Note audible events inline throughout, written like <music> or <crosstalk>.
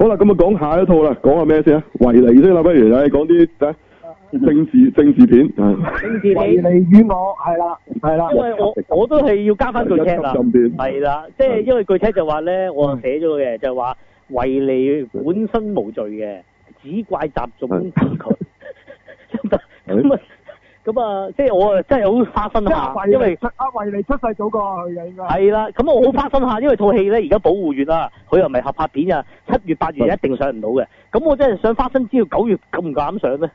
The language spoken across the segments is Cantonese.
好啦，咁啊，講下一套啦，講下咩先啊？維尼先啦，不如你，講啲睇政治政治片啊。政治你維尼與我，係啦，係啦，因為我我都係要加翻句 check 啦 e 係啦，即係因，因、就是、因為句 check 就話咧，我寫咗嘅就話、是、維尼本身無罪嘅，只怪集眾判佢。咁啊。 <laughs> <laughs> 咁、嗯、啊，即係我啊，真係好花心下，因為阿維尼出世早過佢啊，係啦。咁我好花心下，因為套戲咧，而家保護月啊，佢又唔係合拍片啊，七月八月一定上唔到嘅。咁我真係想花心之後，知道九月夠唔夠膽上咧？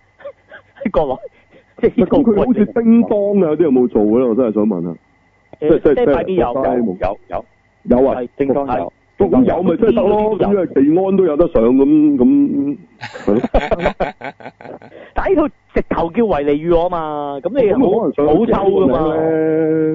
喺 <laughs> 國內，即係呢個佢好似叮噹啊？有啲有冇做嘅咧？我真係想問啊、嗯。即即即係快啲有，有有有啊，正裝有。咁、哦、有咪真係得咯？咁啊，肥安都有得上咁咁係咯。但呢套直頭叫維尼與我啊嘛，咁你冇可能上好臭㗎嘛？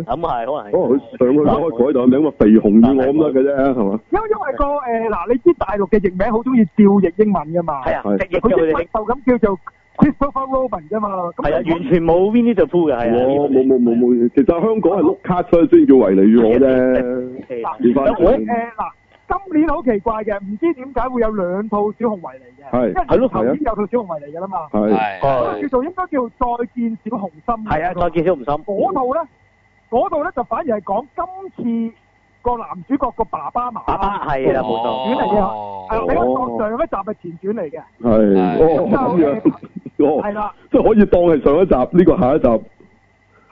咁係可能係可能佢上去攞佢改咗名話肥熊與我咁得嘅啫，係嘛？因為，因為、個誒嗱，你知大陸嘅譯名好中意調譯英文㗎嘛？係啊，直、啊、譯㗎哋。咁叫做 Christopher Robin 嘅嘛？係啊，完全冇 Winnie the Pooh 嘅係啊。冇冇冇冇，其實香港係碌卡 o k 先叫維尼與、啊啊啊、我啫。呃今年好奇怪嘅，唔知點解會有兩套小紅圍嚟嘅，跟住頭先有套小紅圍嚟嘅啦嘛，叫做應該叫再見小紅心，係啊、嗰個，再見小紅心。嗰套咧，嗰、嗰、咧、個、就反而係講今次個男主角個爸爸媽媽，係啦冇嘅，上、哦哦、一集錯，前傳嚟嘅，係，即、哦、係 <laughs> 對了 <laughs> 可以當係上一集，呢、呢個下一集，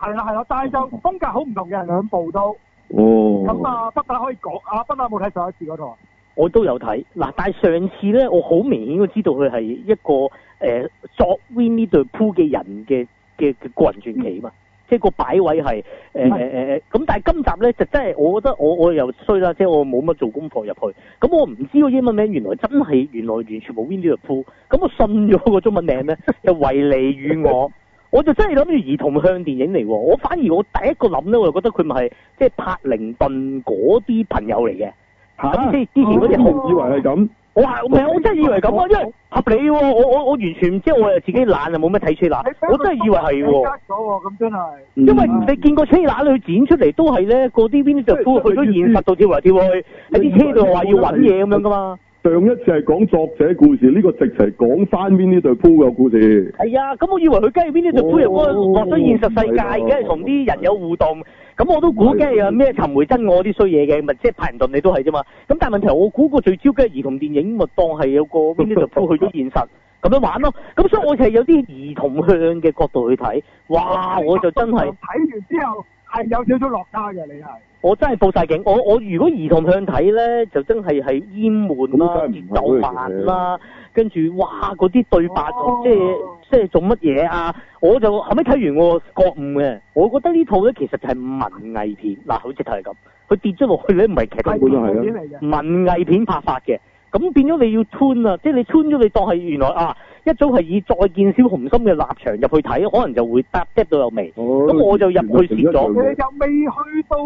係啦係啦，但係就風格好唔同嘅兩部都。哦，咁啊，不打可以講，啊，不打冇睇上一次嗰套？我都有睇，嗱，但係上次咧，我好明顯都知道佢係一個誒、呃、作 Winnie the Pooh 嘅人嘅嘅個人傳奇啊嘛，嗯、即係個擺位係誒咁，但係今集咧就真係，我覺得我我又衰啦，即、就、係、是、我冇乜做功課入去，咁我唔知個英文名原來真係原來完全冇 Winnie the Pooh，咁我信咗個中文名咧， <laughs> 就維尼與我。 <laughs> 我就真係諗住兒童向電影嚟喎，我反而我第一個諗咧，我就覺得佢咪係即係柏靈頓嗰啲朋友嚟嘅。咁先以前嗰啲、啊、我以為係咁，我係唔係我真係以為咁啊？因為合理喎、喔喔，我我我完全唔知，啊、我又自己懶啊，冇咩睇車乸，我真係以為係喎、喔。咁真係，因為你見個車乸佢剪出嚟都係咧，個啲 Winnie the Pooh 去咗現實度跳嚟跳去喺啲車度話要揾嘢咁樣噶嘛。上一次係講作者故事，呢、這個直情係講返 Winnie the Pooh 嘅故事。係啊，咁、嗯、我以為佢跟住 Winnie the Pooh 入邊落咗現實世界梗係，同啲、啊、人有互動。咁、啊、我都估梗係有咩尋回真我啲衰嘢嘅，咪即係派唔頓你都係啫嘛。咁但係問題我估個最超級嘅兒童電影咪當係有個 Winnie the Pooh 去咗現實咁樣玩咯。咁 <laughs> 所以我就係有啲兒童向嘅角度去睇，哇！我就真係睇完之後係有少少落差嘅，你係。我真係報晒警，我我如果兒童向睇咧，就真係係淹悶啦、跌走板啦，跟住哇嗰啲對白，啊、即係即係做乜嘢啊？我就後尾睇完我覺悟嘅。我覺得呢套咧其實就係文藝片，嗱好似睇係咁，佢跌咗落去咧唔係劇本嚟、啊、文藝片拍法嘅，咁變咗你要穿啊，即係你穿咗你當係原來啊一早係以再見小紅心嘅立場入去睇，可能就會嗒嗒到有味。咁、哦、我就入去蝕咗，又未去到。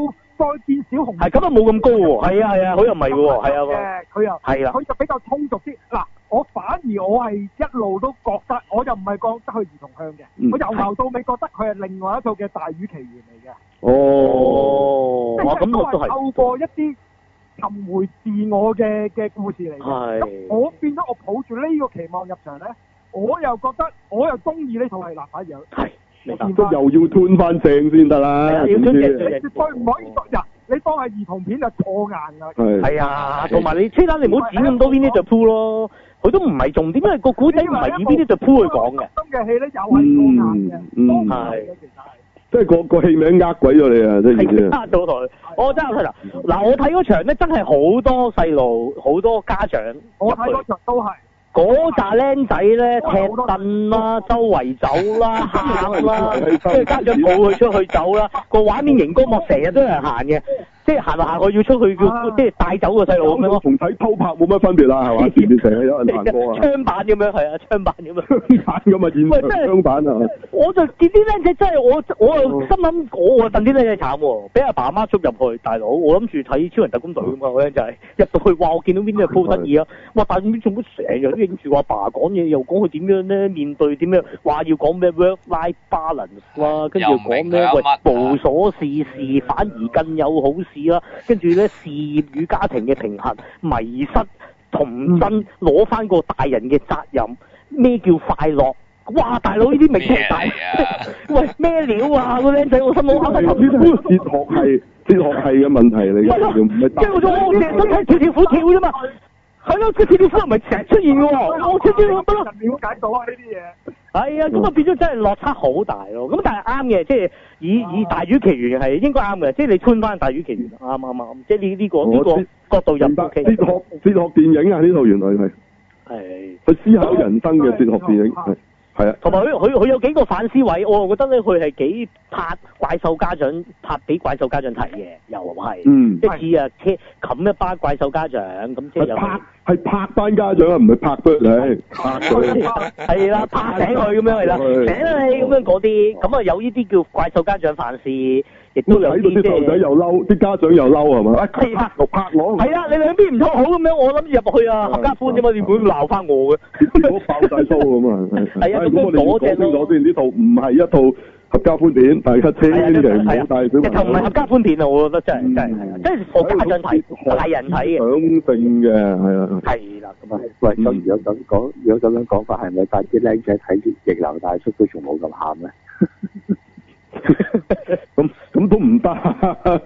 再見小紅帽，係咁啊冇咁高喎，係啊係啊，佢又唔係喎，係啊佢又係啊。佢就比較通俗啲。嗱，我反而我係一路都覺得，我又唔係覺得佢兒童向嘅，嗯、我由頭到尾覺得佢係另外一套嘅大魚奇緣嚟嘅、嗯。哦，我感覺都係透過一啲尋回自我嘅嘅故事嚟。係、嗯嗯。我變咗我抱住呢個期望入場咧，我又覺得我又中意呢套係，嗱反而有。你都又要吞翻正先得啦。你絕對唔可以、哦、你當係兒童片就錯眼啦。係啊，同埋你黐啦，你唔好剪咁多邊啲就鋪咯。佢、嗯、都唔係重點，因為個古仔唔係以邊啲就鋪去講嘅。公嘅戲咧又係公顏嘅，公其實係。即係個個戲名呃鬼咗你啊！真係。係呃到我真係嗱嗱，我睇嗰場咧真係好多細路，好多家長，我睇嗰場都係。嗰扎僆仔咧踢凳啦，周圍走啦，行啦，即係家長抱佢出去走啦，個畫面熒光幕成日都係行嘅。即係行下行？我要出去叫即係帶走個細路咁、啊、樣咯。同睇偷拍冇乜分別啦，係 <laughs> 嘛？成日有人行過 <laughs> 槍板啊！槍版咁樣係啊，槍版咁樣。慘㗎嘛，現 <laughs> 實槍版啊！ <laughs> 我就見啲僆仔真係 <laughs> 我我又心諗，我我戥啲僆仔慘喎，俾阿爸阿媽捉入去。大佬，我諗住睇超人特工隊咁嘛。我 <laughs> 咧就係入到去，到 <laughs> 哇！我見到邊啲嘢好得意啊！說爸爸說話說說 balance, <laughs> 哇！但係啲做乜成日都應住我爸講嘢，又講佢點樣咧面對點樣？話要講咩 work-life balance 啦。跟住講咩喂無所事事 <laughs> 反而更有好事。 <laughs> 啦，跟住咧事業與家庭嘅平衡迷失，重新攞翻個大人嘅責任，咩叫快樂？哇，大佬呢啲名詞大、啊，喂咩料啊？個僆仔我心諗啱啊！學系，學系嘅問題嚟嘅，唔係大。係咯，跳跳虎跳啫嘛，係、啊、咯，跳跳虎唔係成日出現喎、啊啊。我點解我唔瞭解到啊？呢啲嘢。係、哎、啊，咁啊變咗真係落差好大咯。咁但係啱嘅，即係以以大魚奇緣係應該啱嘅。即係你穿返大魚奇緣啱啱啱。即係呢呢個呢、哦，這個角度入。哲學哲學電影啊，呢、嗯、套原來係係、哎、去思考人生嘅哲學電影係。哎係啊，同埋佢佢佢有幾個反思位，我啊覺得咧佢係幾拍怪獸家長拍俾怪獸家長睇嘅，又係、嗯，一次啊，即冚一班怪獸家長咁即又拍係拍班家長啊，唔係拍佢，拍佢係啦，拍醒佢咁樣係啦，醒啦你咁樣嗰啲，咁啊，啊，啊有呢啲叫怪獸家長反思。亦都喺度啲細路仔又嬲，啲、啊、家長又嬲係嘛？四拍六拍，我、哎、係啊！你兩邊唔通好咁樣，我諗住入去啊！合家歡啫嘛，點會鬧翻我嘅？你爆晒粗咁啊！係啊，咁我哋講清楚先，呢、啊 <laughs> 啊這個、套唔係一套合家歡片，大家聽嘅唔好大聲。唔係、啊啊啊、合家歡片啊！我覺得真係、嗯、真係，即係、啊啊、家長睇、大人睇嘅。想定嘅係啊，係啦，咁啊，喂，有咁有咁樣講法係咪帶啲靚仔睇逆流大叔都仲冇咁喊咧？咁。咁都唔得，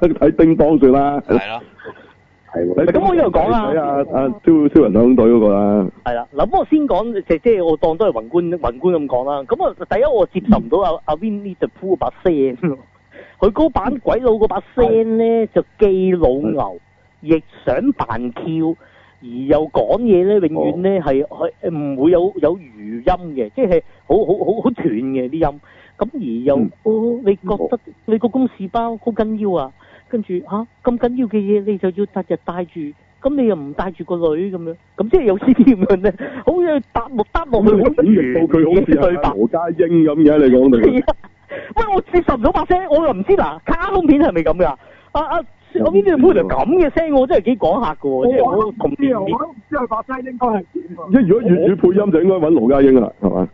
睇叮當算啦。係、嗯嗯嗯啊啊啊啊、啦，係。咁我依度講啦。睇阿阿超超人響隊嗰個啦。係啦，嗱，不過我先講即即，我當都係宏觀，宏觀咁講啦。咁啊，第一我接受唔到阿、啊、阿、嗯啊啊、Vinny、 <laughs> 哦、就嗰把聲佢嗰版鬼佬嗰把聲咧，就既老牛，亦想扮 Q，而又講嘢咧，永遠咧係係唔會有有餘音嘅，即係好好好好斷嘅啲音。咁而又、哦，你覺得你個公事包好緊要啊？跟住吓，咁、啊、緊要嘅嘢，你就要日日帶住，咁你又唔帶住個女咁樣，咁即係有啲咁樣咧？搭搭去好似答木答木咁，好似對白。好似阿羅家英咁嘅，你講嚟。喂！ <laughs> 我接受唔到把聲，我又唔知啦。卡通片係咪咁噶？阿阿有邊啲配到咁嘅聲？我真係幾講下噶。即係我同啲。即係把聲應該係。即係如果粵語配音就應該揾羅家英啦，係嘛？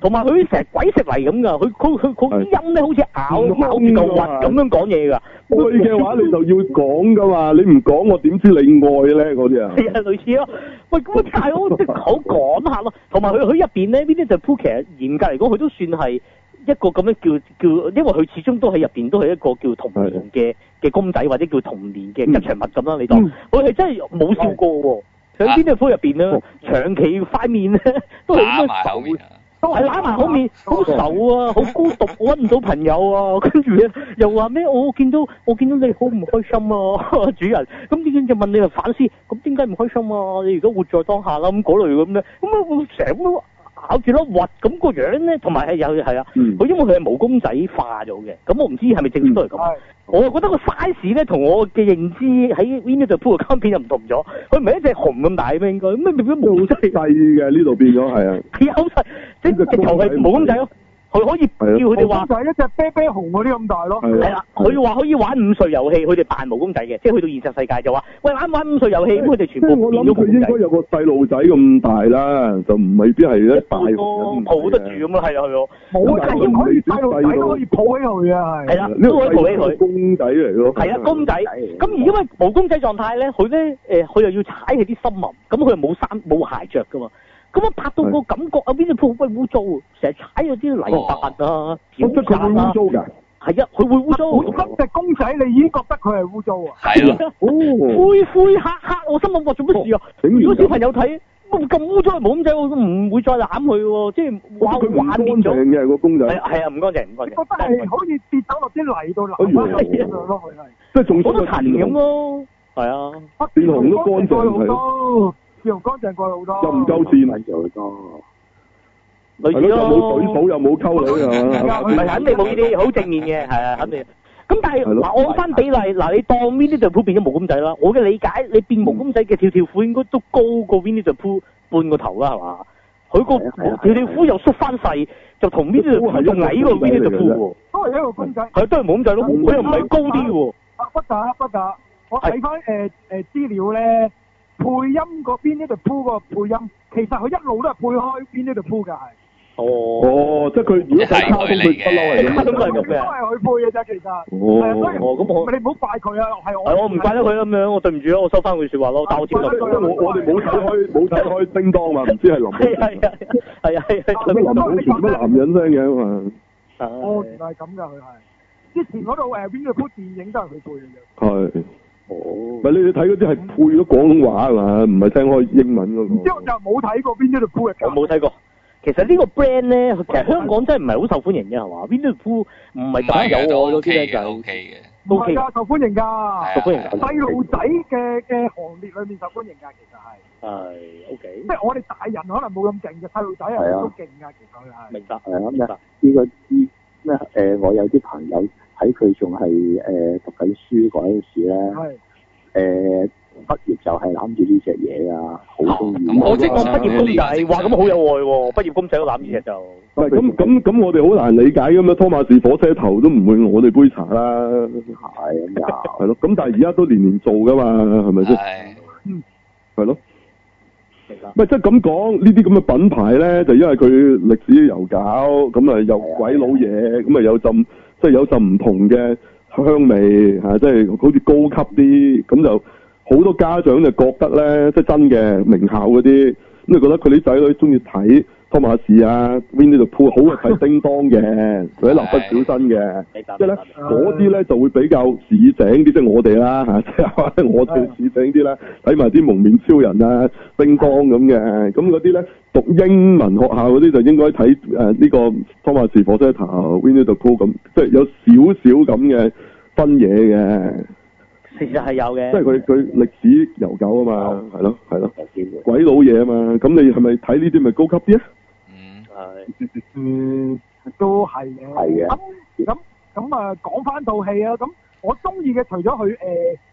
同埋佢成日鬼食泥咁噶，佢佢佢啲音咧，好似咬咬咁樣講嘢噶。愛嘅話你就要講噶嘛，你唔講我點知你愛咧嗰啲啊？係啊，類似咯。喂，咁咪太好好講下咯。同埋佢佢入邊咧，呢啲就 Pooh，其實嚴格嚟講，佢都算係一個咁樣叫叫，因為佢始終都喺入邊都係一個叫童年嘅嘅公仔或者叫童年嘅吉祥物咁啦。你當佢係真係冇笑過喎。喺邊啲 Pooh 入邊咧，長期塊、啊、面咧都係應該哦、我拉埋口面，好愁啊，好孤獨，我揾唔到朋友啊。跟住咧，又話咩？我見到我見到你好唔開心啊，主人。咁點樣就問你嚟反思？咁點解唔開心啊？你如果活在當下啦、啊，咁嗰類咁咧，咁會成日都搞住咯，核咁個樣咧，同埋係有係啊，佢因為佢係毛公仔化咗嘅，咁我唔知係咪正亦都係咁，我又覺得個 size 咧，同我嘅認知喺 window 度鋪個卡片又唔同咗，佢唔係一隻熊咁大咩？應該咩變咗毛細細嘅呢度變咗係啊，好細即係直頭係毛公仔咯。佢可以叫佢哋話，毛公仔一隻啤啤熊嗰啲咁大咯。係啦，佢話可以玩午睡遊戲，佢哋扮毛公仔嘅，即係去到現實世界就話，喂，玩唔玩午睡遊戲？咁佢哋全部變咗公仔。佢應該有個細路仔咁大啦，就唔未必係一大，抱得住咁咯。係啊係啊，冇大咁你細路仔都可以抱起佢啊。係啦，都可以抱起佢。一公仔嚟咯。係啊，公仔。咁、嗯、而因為毛公仔狀態咧，佢咧誒，佢又要踩起啲濕泥，咁佢又冇衫冇鞋着嘅嘛。咁樣拍到個感覺啊，邊啲鋪好鬼污糟，成日踩到啲泥巴啊、污糟㗎？係啊，佢、啊啊、會污糟。金石、啊、公仔，你已經覺得佢係污糟啊！係、哦、啊，灰灰黑黑，會我心諗我做乜事啊？如果小朋友睇，咁污糟冇咁仔，我都唔會再攬佢喎。即係話佢玩裂咗嘅係公仔。啊，唔乾淨，唔乾淨。你覺得係可以跌走落啲泥到咯，係。即係仲，好多塵影咯。係、哎、啊，黑變紅、那個啊啊啊啊、都乾咗好多！又乾淨過好多，啊，又唔夠線又多，係、嗯、咯、嗯嗯，又冇舉手、嗯、又冇溝女啊，係 <laughs> 咪？唔 <laughs> 肯定冇呢啲好正面嘅係 <laughs> 啊，肯定。咁但係嗱，按翻比例嗱，你當呢啲 Winnie the Pooh 變咗毛公仔啦，我嘅理解你變毛公仔嘅跳跳虎應該都高過 Winnie the Pooh 半個頭啦，係嘛？佢個、啊、跳跳虎又縮翻細，就同呢 Winnie the Pooh 仲矮過呢啲 Winnie the Pooh 喎，啊、都係一個公仔，係都係毛公仔咯，佢又唔係高啲喎、啊。不過不過我睇翻、呃、資料咧。配音嗰邊呢度鋪個配音，其實佢一路都係配開邊呢度鋪噶係。哦哦，即係佢如果卡通佢不嬲，佢都係咁嘅。都係佢配嘅啫，其實。哦哦，咁、哦、好。咪你唔好怪佢啊，係我。唔、哎、怪得佢咁樣，我對唔住咯，我收翻句說話咯、啊，但係我知道、啊。我哋冇睇開冇睇開叮噹嘛，唔知係林。係係係。係啊係啊。咁林峰全部乜男人聲嘅嘛。哦、啊，原來係咁噶，佢 <laughs> 係可以。之前嗰套誒 Winnie 鋪電影都係佢配嘅。係。 <laughs> 哦，唔係你你睇嗰啲係配咗廣東話啊嘛，唔係聽開英文嗰個。唔知我就冇睇過邊一對配嘅。我冇睇過。其實呢個 brand 咧，其實香港真係唔係好受歡迎嘅，係嘛？Winnie the Pooh 唔係單有我嗰啲咧就 OK 嘅，OK 嘅。唔係㗎，受歡迎㗎，受歡迎。細路仔嘅嘅行列裏面受歡迎㗎，其實係。係 OK。即係我哋大人可能冇咁勁嘅，細路仔係都勁㗎，其實係。明白，係啊，明白。呢個嗯。誒、呃，我有啲朋友喺佢仲係誒讀緊書嗰陣時咧，誒畢、呃、業就係攬住呢隻嘢啊，好高咁。我即係講畢業公仔，哇、啊，咁好有愛喎！畢業公仔、啊、都攬住嘢就，唔咁咁咁，我哋好難理解咁樣，托馬士火車頭都唔會我哋杯茶啦，係啊，係、嗯、咯。咁 <laughs> 但係而家都年年做噶嘛，係咪先？係，係 <laughs> 咯。即係咁講，呢啲咁嘅品牌咧，就因為佢歷史悠久，咁啊有鬼佬嘢，咁啊有陣即係有陣唔同嘅香味嚇，即係好似高級啲，咁就好多家長就覺得咧，即係真嘅名校嗰啲，咁就覺得佢啲仔女中意睇。托馬士啊，Winnie the Pooh，好啊睇叮噹嘅，佢啲蠟筆小新嘅， <laughs> 即係咧嗰啲咧就會比較市井啲，就是，即係我哋啦嚇，即係我哋市井啲啦，睇埋啲蒙面超人啊、叮噹咁嘅，咁嗰啲咧讀英文學校嗰啲就應該睇誒呢個托馬士火車頭、Winnie the Pooh 咁，即係有少少咁嘅分野嘅。其實係有嘅，即係佢佢歷史悠久啊嘛，係咯係咯，鬼佬嘢啊嘛，咁你係咪睇呢啲咪高級啲啊？嗯係，嗯都係嘅，係嘅。咁咁咁啊講翻套戲啊，咁我中意嘅除咗佢誒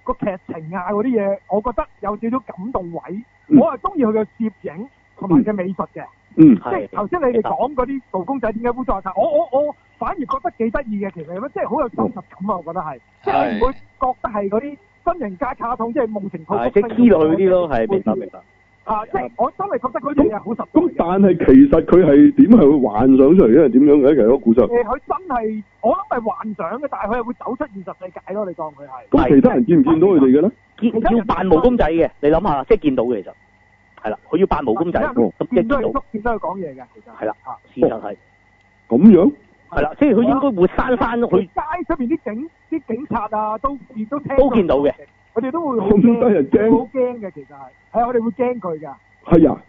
個劇情啊嗰啲嘢，我覺得有少少感動位，我係中意佢嘅攝影同埋嘅美術嘅，嗯係，即係頭先你哋講嗰啲做公仔點解會在場，我我我。反而覺得幾得意嘅，其實咁即係好有真實感啊！我覺得係，即係你唔會覺得係嗰啲真人假卡通，即係夢情。係，即係黐落去啲咯，係，明白明白。係，即係我真係覺得佢哋係好實。咁但係其實佢係點係會幻想出嚟，因為點樣嘅其實嗰個故事？誒，佢真係我諗係幻想嘅，但係佢係會走出現實世界咯。你當佢係咁，其他人見唔見到佢哋嘅咧？見要扮毛公仔嘅，你諗下，即係見到嘅其實係啦。佢要扮毛公仔，咁見到見到佢講嘢嘅，其實係啦。事實係咁樣。係啦，即係佢應該會閂翻去、啊、街出邊啲警啲警察啊，都都聽到，都見到嘅，我哋都會好驚咁多人驚，好驚嘅，其實係，係啊，我哋會驚佢噶，係啊，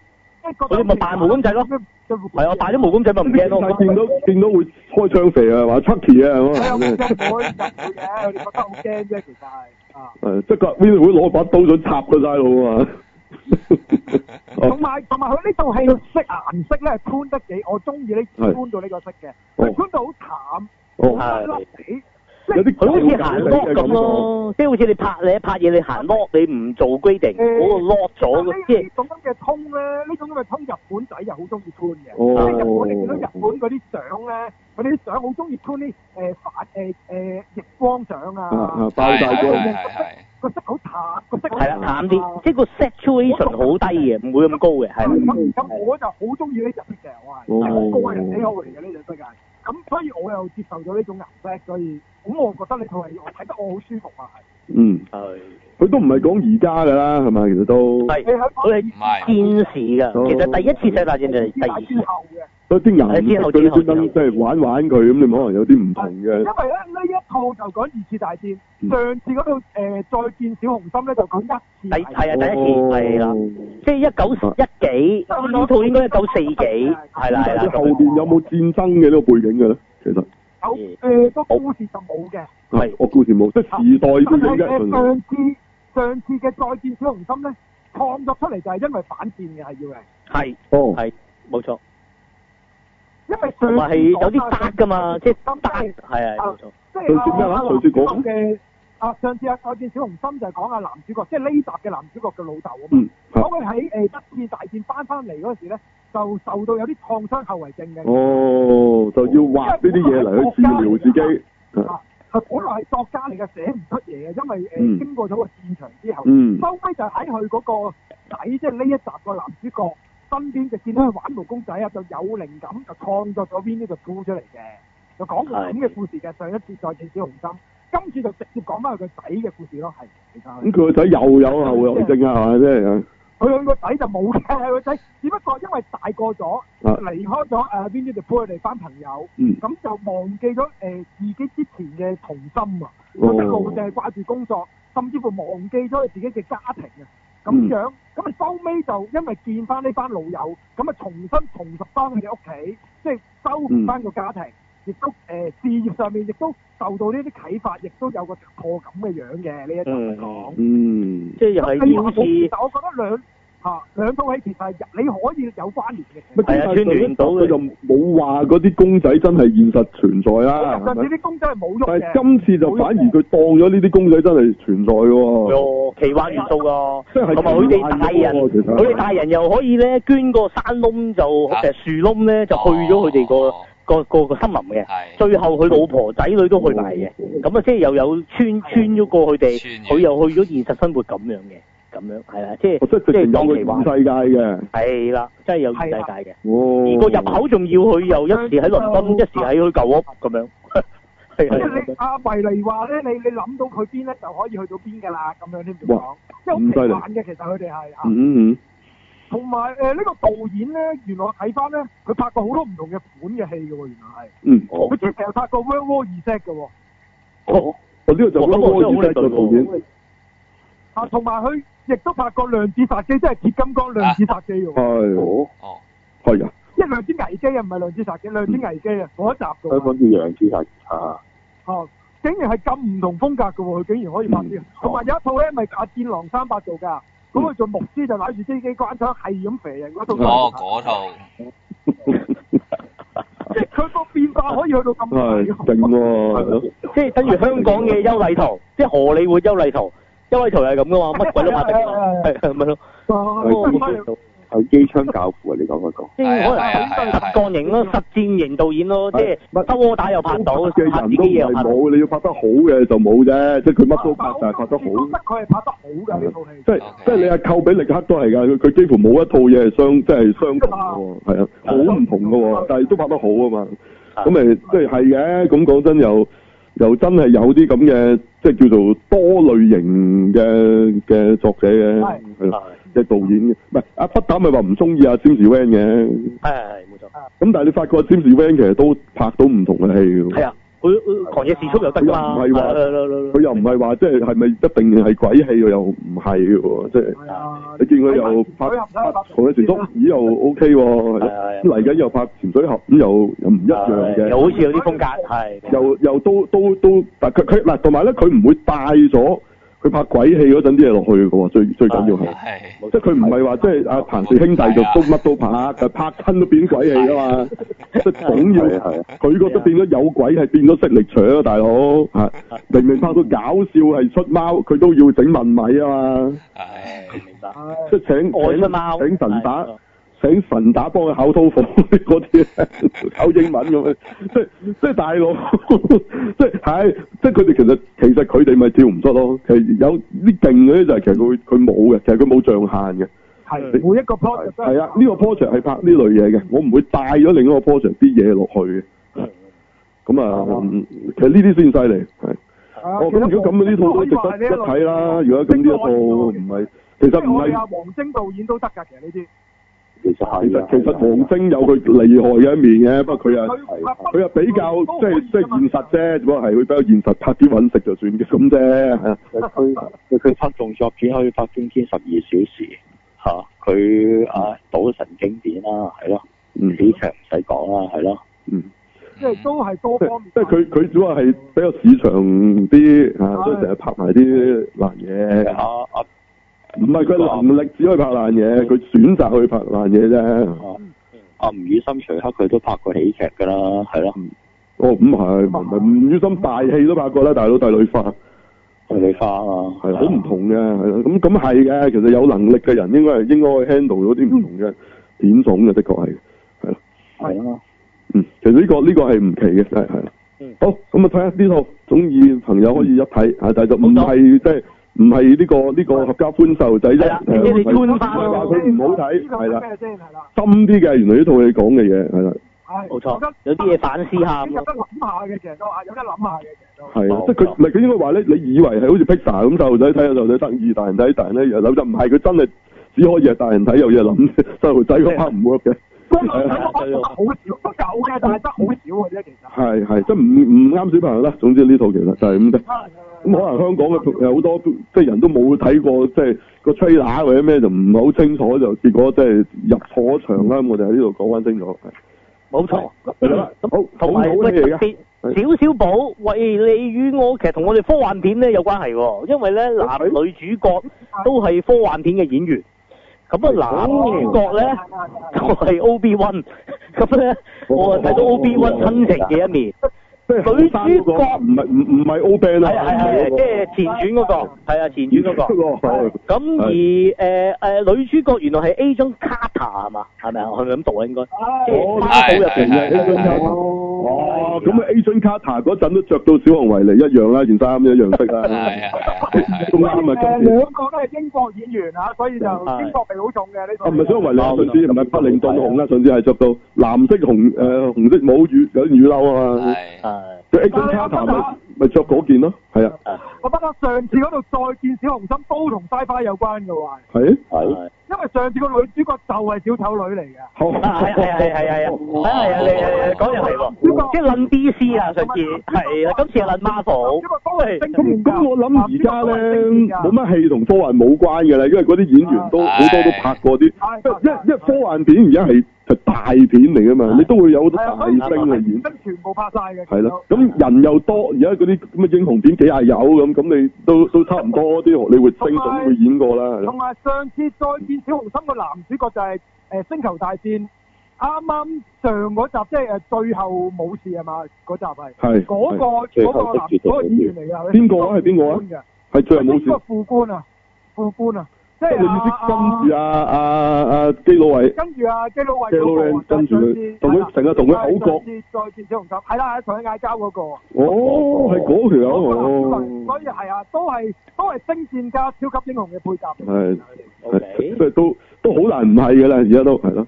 即係覺得我哋咪戴毛公仔咯，係啊，戴咗毛公仔咪唔驚咯。見到見到會開槍射啊嘛，出奇啊嘛。係啊，呀，我哋 <laughs> 覺得好驚啫，其實係，係 <laughs> 即係維尼會攞把刀想插佢細佬啊。同埋同埋佢呢套戲色顏色咧，係濛得幾我中意呢，濛到呢個色嘅，濛到好淡，好得意。即係佢好似行 lock 咁咯，即係好似你拍嘢拍嘢，你行 lock，你唔做 grading，嗰個 lock 咗嘅。即係呢種咁嘅通咧，呢種咁嘅通，日本仔就好中意穿嘅。哦。所以日本你見到日本嗰啲相咧，佢哋啲相好中意穿啲誒反誒誒逆光相啊。啊啊，大大啲係係係。個色好淡，個色係啦，淡啲，即係個 saturation 好低嘅，唔會咁高嘅，係。咁咁我就好中意呢種嘅，我係我個人喜好嚟嘅呢種世界。咁所以我又接受咗呢種顏色，所以咁我覺得你佢係睇得我好舒服啊，嗯係佢都唔係講而家㗎啦，係咪其實都係，佢係戰士㗎，其實第一次世界大戰就係第二次之後嘅。嗰啲顏色嗰啲專登即係玩玩佢咁，你可能有啲唔同嘅。因為咧呢一套就講二次大戰，上次嗰套誒再見小紅心咧就講一次，係係啊，第一次係啦，即係一九一幾呢套應該一九四幾係啦係啦。後邊有冇戰爭嘅呢個背景嘅咧？其實有誒，個故事就冇嘅係，個故事冇即係時代先至嘅。上次上次嘅再見小紅心咧創作出嚟就係因為反戰嘅，係要嘅，係哦係冇錯。因為係有啲突噶嘛，即係突，係係、就是，即、啊、係、啊就是啊啊、隨住講嘅。啊，上次啊，我、啊、見、啊、小紅心就係講啊，男主角，即係呢集嘅男主角嘅老豆啊嘛。咁佢喺誒一次大戰翻翻嚟嗰時咧，就受到有啲創傷後遺症嘅。哦，就要畫呢啲嘢嚟去治療自己。來來啊，啊本來係作家嚟嘅，寫唔出嘢嘅，因為誒、嗯、經過咗個戰場之後，收、嗯、尾就喺佢嗰個仔，即係呢一集個男主角。身邊就見到佢玩毛公仔啊，就有靈感就創作咗 Winnie the Pooh 出嚟嘅，就講咁嘅故事嘅。上一次《再見小熊心》，今次就直接講翻佢個仔嘅故事咯。係咁佢個仔又有後遺症啊？係咪先？佢兩個仔就冇嘅，個仔只不過因為大個咗，離開咗誒 Winnie the Pooh 佢哋班朋友，咁就忘記咗誒自己之前嘅童心啊！我一路就係掛住工作，甚至乎忘記咗佢自己嘅家庭啊！咁、嗯、樣咁啊，收尾就因為見翻呢班老友，咁啊重新重拾翻佢哋屋企，即、就、係、是、收復翻個家庭，亦、嗯、都誒、呃、事業上面亦都受到呢啲啟發，亦都有個突破咁嘅樣嘅呢一種講，嗯，即係又係意思我覺得兩啊！兩套戲其實係你可以有關聯嘅。係啊，穿越到佢就冇話嗰啲公仔真係現實存在啊！上次啲公仔係冇郁嘅。今次就反而佢當咗呢啲公仔真係存在喎。哦，奇幻元素啊。同埋佢哋大人，佢哋、啊、大人又可以咧捐個山窿就成、啊、樹窿咧，就去咗佢哋個個個森林嘅、啊。最後佢老婆仔、啊、女都去埋嘅，咁啊即係又有穿、啊、穿咗過佢哋，佢、啊、又去咗現實生活咁樣嘅。咁樣係啦，即係即係有佢異世界嘅，係啦，即係有異世界嘅。哇！個入口仲要去又一時喺倫敦，一時喺佢舊屋咁、呃、樣。即阿迷嚟話咧，你你諗到佢邊咧，就可以去到邊㗎啦，咁樣你唔講玩嘅其實佢哋係啊。同埋誒呢個導演咧，原來睇翻咧，佢拍過好多唔同嘅款嘅戲㗎，原來係。佢之前拍過 World War Z set 嘅。我、哦、呢、哦這個就咁我、嗯、導演。啊，同埋佢亦都拍過量子殺機，即係鐵金剛、啊、量子殺機嘅。係，哦，係啊，即係量子危機啊，唔係量子殺機，量子危機啊，嗰一集啊。佢搵叫《量子殺機、嗯、啊！哦、啊啊，竟然係咁唔同風格嘅，佢竟然可以拍啲。同、嗯、埋、啊啊、有一套咧，咪架戰狼三百做噶，咁佢做牧師就攬住飛機關窗係咁肥啊。嗰套。嗰套。即係佢個變化可以去到咁大。勁即係等於香港嘅邱禮濤，即係荷里活邱禮濤。一為圖係係咁噶嘛，乜鬼都拍得嘅，係咪咯？係，啲叫係佢機槍教父啊！你講係，個，即係，可能係，本身特係，型咯，係，戰型導演咯，即係唔多打又拍到，拍自己嘢又冇你要拍得好嘅就冇啫，即係佢乜都拍，啊、但係，拍得好。佢係拍得好嘅一套戲，即係即係你係，寇比力克都係噶，佢佢幾乎冇一套嘢係相即係相同嘅，係啊，好唔、啊啊、同嘅，但係都拍得好啊嘛。咁咪即係係嘅，咁講真又又真係有啲咁嘅，即係叫做多類型嘅嘅作者嘅，係即係導演嘅，唔係阿不打咪話唔中意阿 James Wan 嘅，係係冇錯，咁但係你發覺、啊、James Wan 其實都拍到唔同嘅戲，係啊。佢狂野時速又得㗎嘛，佢又唔係話即係係咪一定係鬼戲又唔係喎，即係你見佢又拍狂野時速，咦又 OK 喎，嚟緊又拍潛水俠，咁又又唔一樣嘅，又好似有啲風格係，又又都都都，但佢佢嗱，同埋咧，佢唔會帶咗。佢拍鬼戲嗰陣啲嘢落去嘅喎，最最緊要係、哎，即係佢唔係話，即係阿彭氏兄弟就都乜、哎、都拍，拍親都變鬼戲啊嘛，哎、即係總要，佢、哎、覺得變咗有鬼係變咗識力除啊大佬、哎，明明拍到搞笑係出貓，佢都要整問米啊嘛，哎，即請哎、請出請請神打。哎請神打幫佢考托福嗰啲考英文咁樣。 <laughs> 大、 <laughs> 哎，即係即係大佬，即係係即係佢哋其實其實佢哋咪跳唔出咯。其實有啲勁嗰啲就係其實佢佢冇嘅，其實佢冇上限嘅。係每一個 project 係啊，呢、呢個 p r o j e c t 係拍呢類嘢嘅、嗯，我唔會帶咗另一個 p r o j e c t 啲嘢落去嘅。咁、嗯、啊、嗯嗯，其實呢啲先犀利係。咁如果咁嘅呢套，一睇啦。如果咁呢一套唔係，其實唔係啊。黃精導演都得㗎，其實呢啲。其實係、啊，其實王晶有佢厲害嘅一面嘅、啊，不過佢啊，佢比較即係即係現實啫，咁啊係，佢比較現實拍啲搵食就算嘅咁啫。佢 <laughs> 佢拍動作片可以拍《驚天十二小時》吓，佢啊賭神經典啦，係咯，喜劇唔使講啦，係咯，嗯，即係、啊嗯就是、都係多方面。即係佢佢主要係比較市場啲吓，都成日拍埋啲爛嘢吓啊！啊啊嗯常常唔係佢能力只可以拍爛嘢，佢選擇去拍爛嘢啫。啊，阿吳宇森徐克佢都拍過喜劇噶啦，係咯。哦，咁、嗯、係，吳宇森大戲都拍過啦，大佬，帝女花。帝女花啊，係好唔同嘅，係啦。咁咁係嘅，其實有能力嘅人應該係、嗯、應該 handle 到啲唔同嘅片種嘅，的確係，係啦。係啊。嗯，其實呢、這個呢、這個係唔奇嘅，係係、嗯。好，咁啊睇下呢套，中意朋友可以一睇，係繼續。唔係即係。唔係呢個呢、呢個合家歡細路仔啫，佢唔好睇，係、嗯、啦、嗯嗯嗯嗯嗯嗯嗯，深啲嘅，原來呢套你講嘅嘢係啦，冇錯，有啲嘢反思下，有得諗下嘅，其實都，有得諗下嘅，其、嗯嗯、即係佢，唔係佢應該話咧，你以為係好似披薩咁細路仔睇，細路仔，仔，仔，仔，仔，仔、嗯嗯、得意，大人睇，大人咧又扭，就唔係，佢真係只可以係大人睇，有嘢諗，細路仔嘅卡唔 work 嘅，都係睇得好少，都夠嘅，但係得好少嘅啫，其實係係，即係唔唔啱小朋友啦。總之呢套其實就係咁嘅。咁可能香港嘅有好多即係人都冇睇過，即係個吹打或者咩就唔係好清楚，就結果即係入錯場啦。我哋喺呢度講翻清楚。冇錯，好同埋少少補，維尼與我其實同我哋科幻片咧有關係喎。因為咧，男女主角都係科幻片嘅演員，咁啊男主角咧就係 Ob One，咁咧我啊睇到 Ob One 親情嘅一面。女主角唔係唔唔係 Old Ben 啊，係係即係前傳嗰、那個，係、哎、啊、哎哎哎、前傳嗰、那個。咁、哎哎、而誒、呃哎呃、女主角原來係 Agent Carter 係嘛？係咪啊？係咪咁讀啊？應該。我係。哦、哎，咁 Agent Carter 嗰陣都著到小熊維尼一樣啦、啊，件衫一樣色啊。咁、哎、啊。咁、嗯嗯嗯、兩個都係英國演員啊，所以就英國味好重嘅。呢套。係咪小熊維尼啊？上次係咪柏靈頓熊啊？上次係着到藍色紅誒紅色帽住有啲雨褸啊嘛。即係 X f a c 咪咪着嗰件咯，係啊！我得、啊啊、上次嗰度再見小紅心都同 WiFi 有關嘅，係係，因為上次個女主角就係小丑女嚟嘅，係係係係係啊，係啊，你講又係喎，即係諗 DC 啊，上次係啦，今次諗 Marvel，因為咁咁我諗而家咧冇乜戲同科幻冇關嘅啦，因為啲演員都好多都拍過啲，即係一科幻片而家係。啊係大片嚟㗎嘛的，你都會有好多巨星嚟演。全部拍晒嘅。咁人又多，而家嗰啲咁嘅英雄片幾下有咁，咁你都都差唔多啲，你會升都會演過啦。同埋上次再見小熊心男、就是呃剛剛那個那個男主角就係星球大戰啱啱上嗰集，即係、啊啊啊、最後武士係嘛？嗰集係。嗰個嗰個男嗰個演員嚟㗎！邊個啊？係邊個啊？係最後武士。副官啊！副官啊！即係你跟住啊，阿、啊、阿、啊啊、基老位，跟住阿、啊、基老位、那個，跟住同佢成日同佢口角，就是、再啦，再小紅係啦，同佢嗌交嗰、嗰個。哦，係嗰條友嚟咯。所以係啊，都係都係星戰加超級英雄嘅配搭。係、okay？都都好難唔係㗎啦，而家都係咯，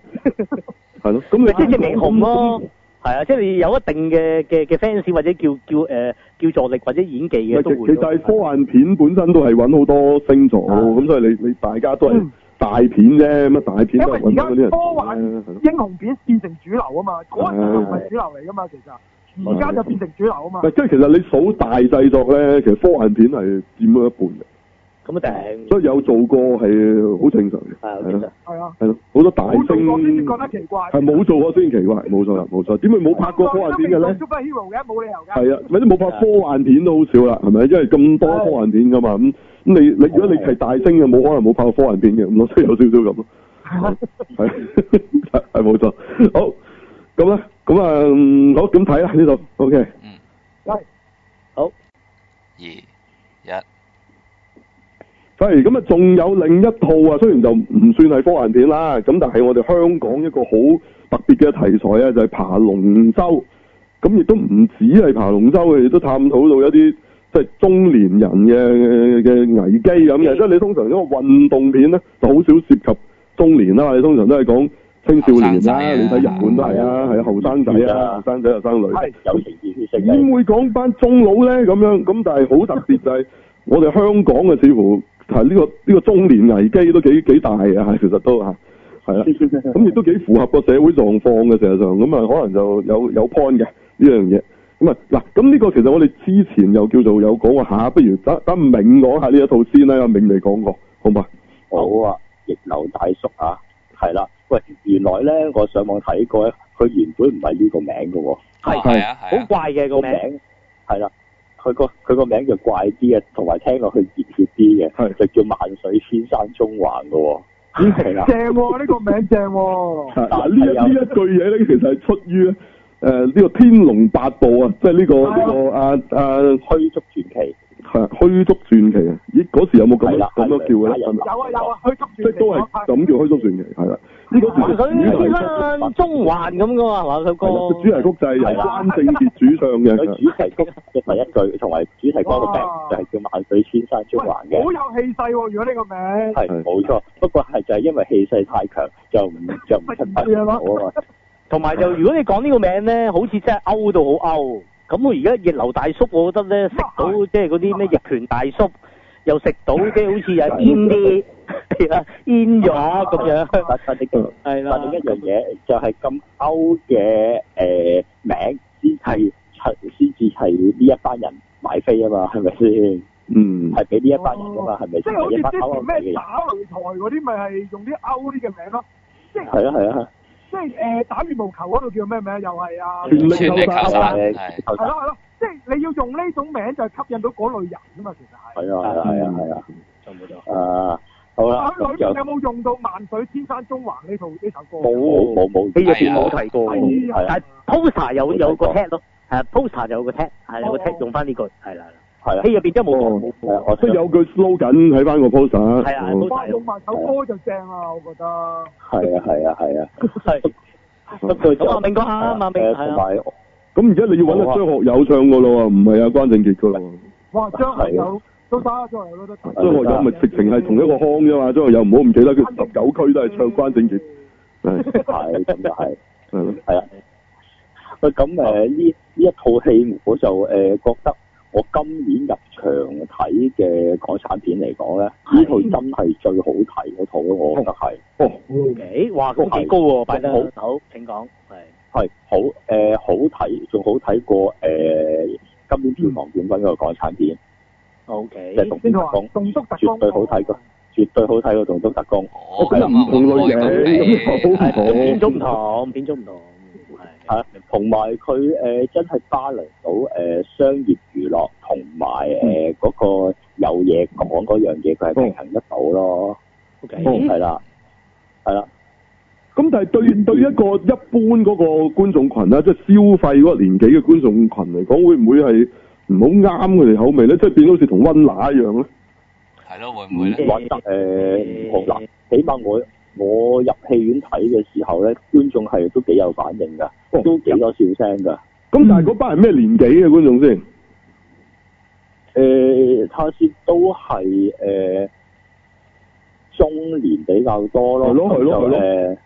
係咯，咁 <laughs> 是的 <laughs> 你即係英雄咯。就是係啊，即係你有一定嘅嘅嘅 fans 或者叫叫誒、呃、叫助力或者演技嘅都會。其實科幻片本身都係揾好多星座咯，咁、啊、所以你你大家都係大片啫，咁、嗯、啊大片都揾好多啲人、啊、因為而家科幻英雄片變成主流啊嘛，科幻唔係主流嚟噶嘛，其實而家、啊、就變成主流啊嘛。即係、啊啊、其實你數大製作咧，其實科幻片係佔咗一半嘅。咁啊定，所以有做過係好正常嘅，係咯，係啊，係咯、啊，好、啊啊啊、多大星，冇做過先覺得奇怪，係冇、啊、做過先奇怪，冇錯啦，冇錯，點會冇拍過科幻片嘅咧？冇理由㗎，係啊，咪都冇拍科幻片都好少啦，係咪、啊啊啊？因為咁多科幻片噶嘛，咁咁、啊嗯、你你，你、啊、如果你係大星嘅，冇、啊、可能冇拍過科幻片嘅，咁所以有少少咁咯，係、 <laughs> 啊，係、啊，係冇錯。好，咁咧，咁、嗯、啊，好，咁睇下呢度，OK，嗯，好，二。係咁啊！仲有另一套啊，雖然就唔算係科幻片啦，咁但係我哋香港一個好特別嘅題材啊，就係爬龍舟。咁亦都唔止係爬龍舟，佢亦都探討到一啲即係中年人嘅嘅危機咁嘅。因、就係、你通常因個運動片咧，就好少涉及中年啦。你通常都係講青少年啦、啊，你睇日本都係啊，係後生仔啊，後、啊啊、生仔、啊、又生女，點、哎、會講返中老咧咁樣？咁但係好特別就係我哋香港嘅似乎。 <laughs> 係、這、呢個呢、這個中年危機都幾幾大啊，其實都啊，係啦，咁亦都幾符合個社會狀況嘅，事實上，咁啊可能就有有 point 嘅呢樣嘢，咁啊嗱，咁呢個其實我哋之前又叫做有講過下、啊、不如等等銘講下呢一套先啦，阿銘未講過，好嘛？好啊，逆流大叔啊，係啦、啊，喂，原來咧我上網睇過咧，佢原本唔係呢個名嘅，係係、啊，好、啊啊、怪嘅、啊個名，係啦、啊。佢個佢個名就怪啲嘅，同埋聽落去熱血啲嘅，就叫萬水千山中橫縱橫嘅、 <laughs> 啊。正喎、啊、呢 <laughs> 個名正喎、啊。呢、 <laughs> 啊、這一呢 <laughs> 一句嘢咧，其實係出於誒呢、呃這個《天龍八部》啊，即係呢個呢個阿阿虛竹傳奇。係虛竹傳奇啊！咦，嗰時有冇咁樣咁都叫嘅？有啊有啊，虛竹傳奇，都係咁叫虛竹傳奇，係啦。呢、個叫萬水千山縱橫咁噶嘛，係嘛，首歌。主題曲就係關正傑主唱嘅。主題曲嘅第一句，同 <laughs> 埋主題歌嘅名就係叫萬水千山縱橫嘅。好有氣勢，如果呢個名。係冇錯，不過係就係因為氣勢太強， <laughs> 就 <laughs> 有就唔出牌，同埋就如果你講呢個名咧，好似真係勾到好勾。咁我而家逆流大叔，我覺得咧，食到即係嗰啲咩逆權大叔，又食到即係好似又癲啲，係啊癲咗咁樣。但係你嘅，係啦。但係一樣嘢就係咁歐嘅誒名先係先至係呢一班人買飛啊嘛，係咪先？嗯，係俾呢一班人㗎嘛，係咪先？即係好似啲咩打擂台嗰啲，咪係用啲歐啲嘅名咯。係啊係啊。即係誒、呃、打羽毛球嗰度叫咩名？又係啊！全力係咯係咯，即係你要用呢種名就吸引到嗰類人啊嘛，其實係係啊係啊，冇錯、嗯、啊，好啦，有冇用到萬水千山縱橫呢套呢首歌？冇冇冇，呢冇，冇提過喎。係啊，poster 有有個 tag 咯，係 poster 就有個 tag，有個 tag 用翻呢句，係啦。係、哦、啊，戲入邊真係冇錯，即有句 slogan 喺翻個 poster。係啊，翻到埋首歌就正啊，我覺得。係啊，係啊，係啊。係，得就咁啊！明個吓，明咁而家你要搵阿張學友唱個咯，唔係阿關正傑、啊啊、出咯。哇、啊啊啊啊，張學友、啊、都得，張學友都得。張學友咪直情係同一個腔啫嘛，張學友唔好唔記得佢十九區都係唱關正傑。係咁就係，嗯，係啊。喂，咁誒呢呢一套戲我就誒覺得。我今年入場睇嘅港產片嚟講咧，呢套真係最好睇嗰套咯，我覺得係。哦，O、okay, K，哇，咁幾高喎，拜登。好，請、呃、講。係係好看好睇，仲好睇過誒今年票房點分票房冠軍嗰個港產片。O、嗯、K。即、okay, 係《棟篤》啊，《棟篤特工》。絕對好睇㗎、啊，絕對好睇過《棟篤特工》嗯。哦、啊，佢就唔同嘅，片中唔同，片中唔同。同埋佢真係 balance 到商業娛樂同埋嗰個有嘢講嗰樣嘢，佢係平衡得到咯。OK，係啦，係、okay. 啦、嗯。咁但係對對一個一般嗰個觀眾群咧，即、就是、消費嗰個年紀嘅觀眾群嚟講，會唔會係唔好啱佢哋口味咧？即、就、係、是、變到好似同溫拿一樣咧？係咯，會唔會咧？覺得誒唔好難。起碼我我入戲院睇嘅時候咧，觀眾係都幾有反應㗎。都幾多笑聲噶。咁、嗯、但係嗰班係咩年紀嘅觀眾先？誒、呃，開始都係誒、呃、中年比較多咯，誒。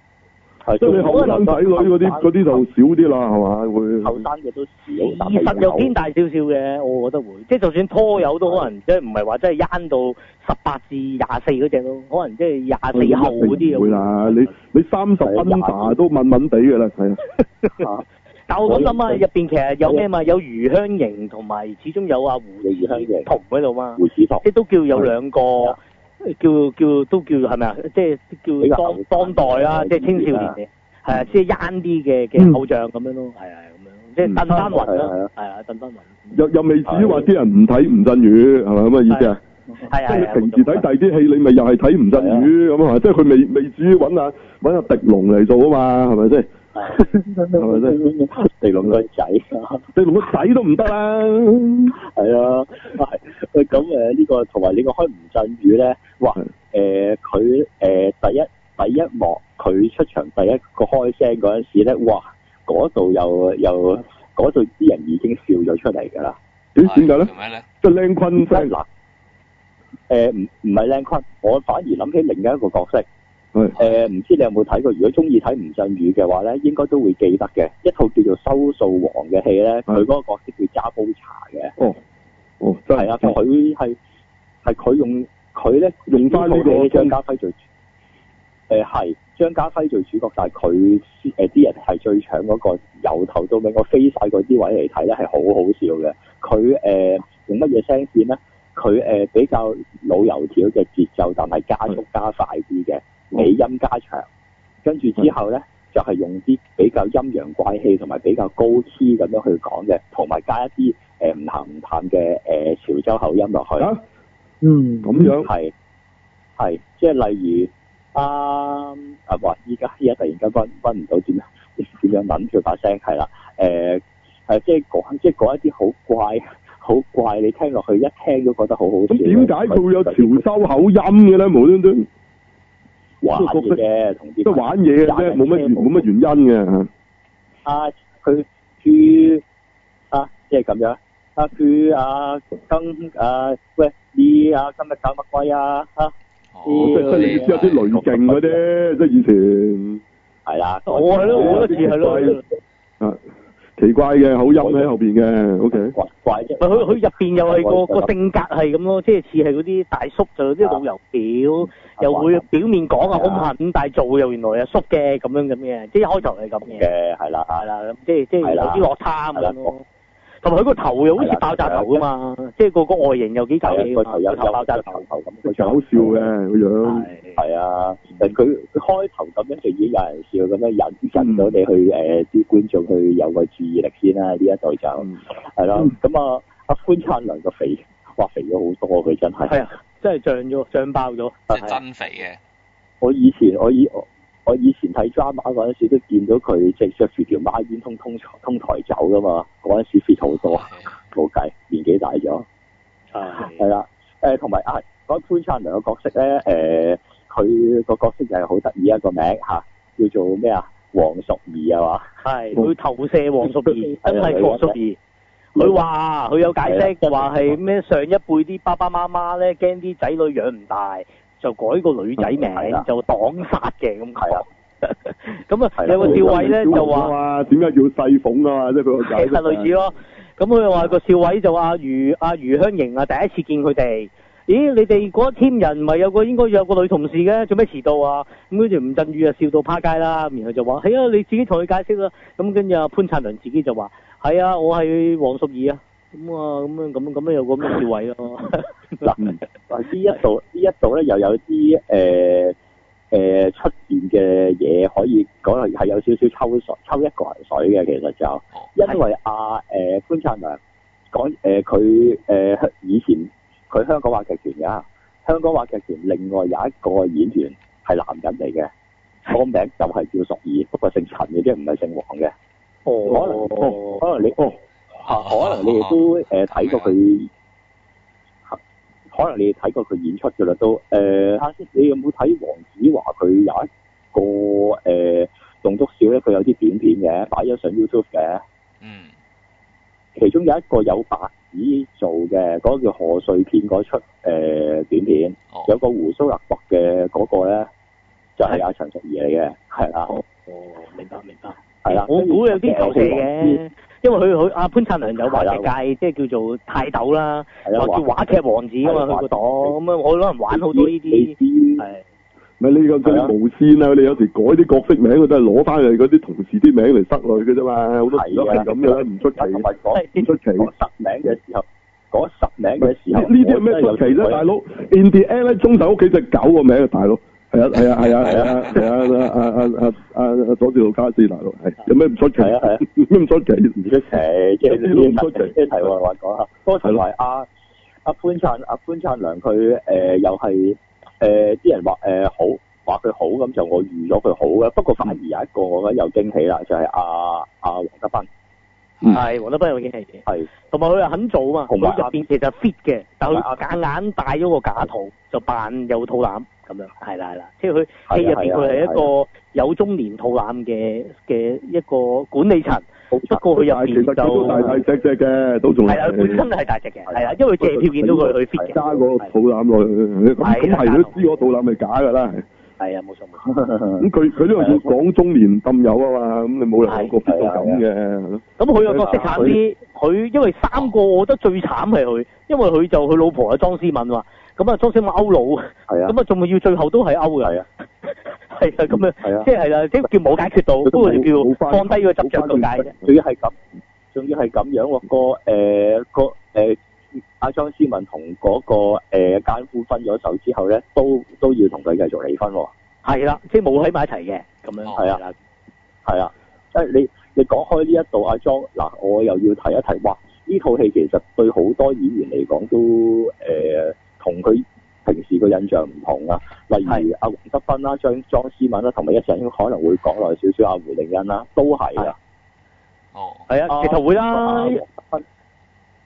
係，所以後生仔女嗰啲嗰啲就少啲啦，係咪？會。後生嘅都二十有偏大少少嘅，我覺得會，即係就算拖友都可能，即係唔係話真係啱到十八至廿四嗰隻咯，可能即係廿四後嗰啲會啦，你你三十斤大都穩穩地嘅啦，係。 <laughs> 但我講緊啊，入面其實有咩嘛？有余香凝同埋，始終有阿胡胡子彤喺度嘛，胡子彤，即係都叫有兩個。叫叫都叫係咪啊？即係叫當當代啦，即係青少年嘅，係啊，即係 young 啲嘅嘅偶像咁樣咯，係啊，咁樣即係鄧丹雲啦，係啊，鄧丹雲又又未至於話啲人唔睇吳鎮宇係咪咁嘅意思啊？即係你平時睇第二啲戲，你咪又係睇吳鎮宇咁啊？即係佢未未至於揾下揾下阿迪龍嚟做啊嘛？係咪先？係，咪你兩個仔，你兩個仔都唔得啦。係啊，係咁誒，呢個同埋呢個開吳鎮宇咧，哇！誒、呃，佢誒、呃、第一第一幕佢出場第一個開聲嗰陣時咧，哇！嗰度又又嗰度啲人已經笑咗出嚟噶啦。點算噶咧？即係靚坤先嗱。誒，唔唔係靚坤，我反而諗起另一個角色。誒、嗯、唔、呃、知你有冇睇過？如果中意睇吳鎮宇嘅話咧，應該都會記得嘅一套叫做收《收數王》嘅戲咧，佢嗰個角色叫揸煲茶嘅。哦，哦，係啊！佢係係佢用佢咧用翻呢個張家輝做。誒、嗯、係、呃、張家輝做主角，但係佢啲人係最搶嗰、那個，由頭到尾我飛曬嗰啲位嚟睇咧，係好好笑嘅。佢誒、呃、用乜嘢聲線咧？佢、呃、比較老油條嘅節奏，但係加速加快啲嘅。嗯尾音加長，跟住之後咧就係、是、用啲比較陰陽怪氣同埋比較高啲咁樣去講嘅，同埋加一啲唔鹹唔淡嘅潮州口音落去、啊。嗯，咁樣係係，即係例如啊啊話，依家依家突然間揾唔到點點樣諗住把聲，係啦，係、呃啊、即係講即係講一啲好怪好怪，你聽落去一聽都覺得好好笑。咁點解佢會有潮州口音嘅咧？無端端？玩嘢嘅，同啲即係玩嘢嘅啫，冇乜冇乜原因嘅、哦。啊，佢住啊，即係咁樣啊，佢啊今啊喂，你，啊今日搞乜鬼啊？嚇、哦，即係即係啲有啲雷勁嗰啲，即、啊、係以前。係啦。我係咯，我都似係咯。奇怪嘅口音喺後邊嘅，O K。怪怪，唔係佢佢入邊又係個個性格係咁咯，即係似係嗰啲大叔就啲老油表，又會表面講啊，好唔客咁大做，又原來係阿叔嘅咁樣嘅，即係一開頭係咁嘅，係啦，係啦，咁即係即係有啲落差咁樣咯。同埋佢個頭又好似爆炸頭㗎嘛，即係個個外形又幾搞笑，個頭有頭爆炸頭咁，仲好笑嘅個樣，係啊！佢、嗯、開頭咁樣就已經有人笑，咁樣引引到你去誒啲、嗯呃、觀眾去有個注意力先啦。呢一代就係咯，咁、嗯嗯嗯、啊阿潘燦良個肥哇肥咗好多，佢真係係啊，真係脹咗，脹爆咗，真，真肥嘅。我以前我以我以前睇 drama 嗰陣時都見到佢直着住條孖煙通通，通，通台走噶嘛，嗰陣時 fit 好多，冇計，年紀大咗，係係啦，誒同埋嗰潘燦良個角色咧，誒、呃、佢個角色就係好得意一個名嚇、啊，叫做咩啊？黃淑儀係嘛？係佢投射黃淑儀，真係黃淑儀。佢話佢有解釋，話係咩？上一輩啲爸爸媽媽咧，驚啲仔女養唔大。就改個女仔名，嗯、就擋殺嘅咁，係啊，咁啊、 <laughs> 嗯、有個少偉咧就話，點解叫細鳳啊即係佢個仔，其實類似咯，咁佢又話個少偉就阿余阿余香凝啊，第一次見佢哋，咦你哋嗰隊人唔係有個應該有個女同事嘅，做咩遲到啊？咁跟住吳鎮宇啊笑到趴街啦，然後就話係啊你自己同佢解釋啦，咁跟住潘燦良自己就話係啊我係黃淑儀啊。咁、嗯、啊，咁啊，咁咁啊，有個咩位咯？嗱，嗱，呢一度呢一度咧，又有啲誒、呃呃、出現嘅嘢可以講嚟，係有少少抽水，抽一個人水嘅。其實就因為阿、啊、誒、呃、潘燦良講誒佢誒香以前佢香港話劇團㗎。香港話劇團另外有一個演員係男人嚟嘅，個名就係叫淑儀，不過姓陳嘅啫，唔係姓黃嘅。哦，可能、哦，可能你，哦。可能你哋都誒睇過佢，可能你哋睇、呃啊、過佢、啊、演出嘅啦，都誒、呃，你有冇睇黃子華佢有一個誒棟篤笑咧？佢、呃、有啲短片嘅，擺咗上 YouTube 嘅。嗯。其中有一個有白紙做嘅，嗰、那個、叫賀歲片嗰出誒短、呃、片，哦、有一個胡鬚又白嘅嗰個咧，就係阿陳百義嚟嘅，係、啊、啦。哦，明白明白。係啦、啊，我估有啲投射嘅，因為佢佢阿潘燦良有話劇界，即係叫做泰斗啦，或者話劇王子啊嘛，佢個檔，咁、嗯嗯、啊，可能玩好多呢啲咪呢係你啲跟無線啦，你有時改啲角色名，佢都係攞翻嚟嗰啲同事啲名嚟塞落去嘅啫嘛，好多係咁嘅，唔、啊、出奇。同啲、啊、出奇改實、啊、名嘅時候，改實名嘅時候，呢啲係咩出奇咧，大佬、啊、？In the end 咧，忠實屋企隻狗個名啊，大佬。係啊係啊係啊係啊係啊，啊啊啊たっ Kidatte 哈哈，啊佐治盧卡斯大佬，係、啊、 <laughs> 有咩唔 <laughs> 不知道 dynamite 出奇？係啊係啊，咩唔出奇？唔出奇，即係老出奇嘅題外話講下。不過同埋阿阿潘燦阿潘燦良，佢誒又係誒啲人話誒好話佢好咁就我預咗佢好嘅。不過反而有一個我覺得有驚喜啦，就係阿阿黃德斌、啊。翻面係、嗯，黃德斌又演嚟嘅，係。同埋佢又肯做嘛，佢入邊其實是 fit 嘅，但佢夾硬戴咗個假肚，就扮有肚腩咁樣，係啦係啦，即係佢入邊佢係一個有中年肚腩嘅嘅一個管理層。不過佢入面就係大隻隻嘅，都仲係。係本身係大隻嘅，係啦，因為借票見到佢 fit 嘅。揸個肚腩落去，咁係都知道我肚腩係假噶啦。係啊，冇錯冇錯。咁佢佢都係要講中年冧友啊嘛，咁你冇人諗過邊度咁嘅。咁佢又角色慘啲，佢、啊、因為三個，我覺得最慘係佢，因為佢就佢老婆啊莊思敏話，咁啊莊思敏勾佬，咁啊仲要最後都係勾㗎。係啊，係啊，咁啊，啊，啊，即係啦，即叫冇解決到，咁就叫放低，Priest、就是、放低個執著咁解嘅。仲要係咁，仲要係咁樣喎，個誒個阿莊思敏同嗰個誒奸、呃、夫分咗手之後咧，都都要同佢繼續離婚。係啦，即係冇喺埋一齊嘅。咁、哦、樣係啊，係啊，即係你你講開呢一度阿莊，嗱，我又要提一提。哇，呢套戲其實對好多演員嚟講都誒、同、呃、佢平時嘅印象唔同啊。例如阿黃、啊、德斌啦，張莊思敏啦，同埋一陣應該可能會講耐少少阿胡定欣啦，都係啊。哦，係啊，其實會啦。啊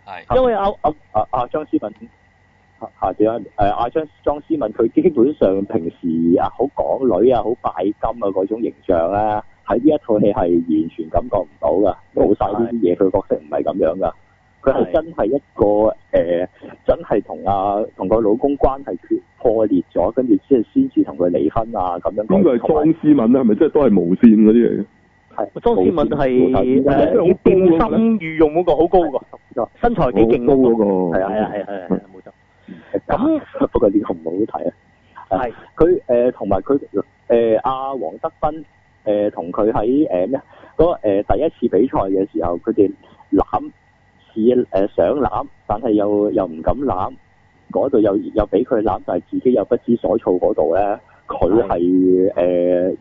係，因為阿阿阿阿莊思敏啊，點、啊、誒，阿莊莊思敏佢基本上平時啊，好港女啊，好拜金嘅、啊、嗰種形象咧、啊，喺呢一套戲係完全感覺唔到噶，冇晒呢啲嘢。佢角色唔係咁樣噶，佢係真係一個誒、呃，真係同阿同個老公關係決破裂咗，才跟住先先至同佢離婚啊咁樣。邊佢係莊思敏啊？係咪即係都係無線嗰啲嚟嘅？係，莊思文係誒變心御用嗰個好高個，身材幾勁高個，係啊係啊係啊冇錯。咁 <laughs> 不過呢個唔好睇啊。係，佢誒同埋佢誒阿黃德斌誒同佢喺誒咩嗰誒第一次比賽嘅時候，佢哋攬似誒、呃、想攬，但係又又唔敢攬，嗰度又又俾佢攬，但係自己又不知所措嗰度咧，佢係誒。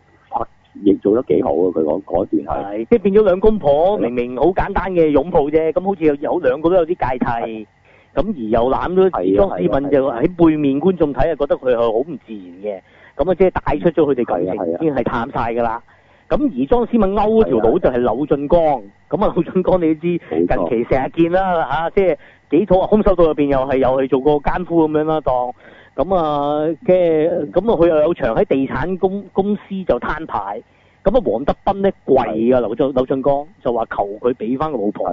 亦做得幾好啊！佢講嗰段係，即係變咗兩公婆，明明好簡單嘅擁抱啫，咁好似有兩個都有啲芥蒂。咁而又攬咗。係啊，莊思敏就喺背面，觀眾睇啊，覺得佢係好唔自然嘅。咁啊，即係帶出咗佢哋感情已經係淡曬㗎啦。咁而莊思敏勾條佬就係柳俊江。咁啊，柳俊江你都知，近期成日見啦嚇，即係幾套《空手道》入面又係又去做過奸夫咁樣啦，檔。當咁啊，嘅咁啊，佢又有場喺地產公公司就攤牌，咁啊，黃德斌咧跪啊，劉俊劉俊剛就話求佢俾翻個老婆，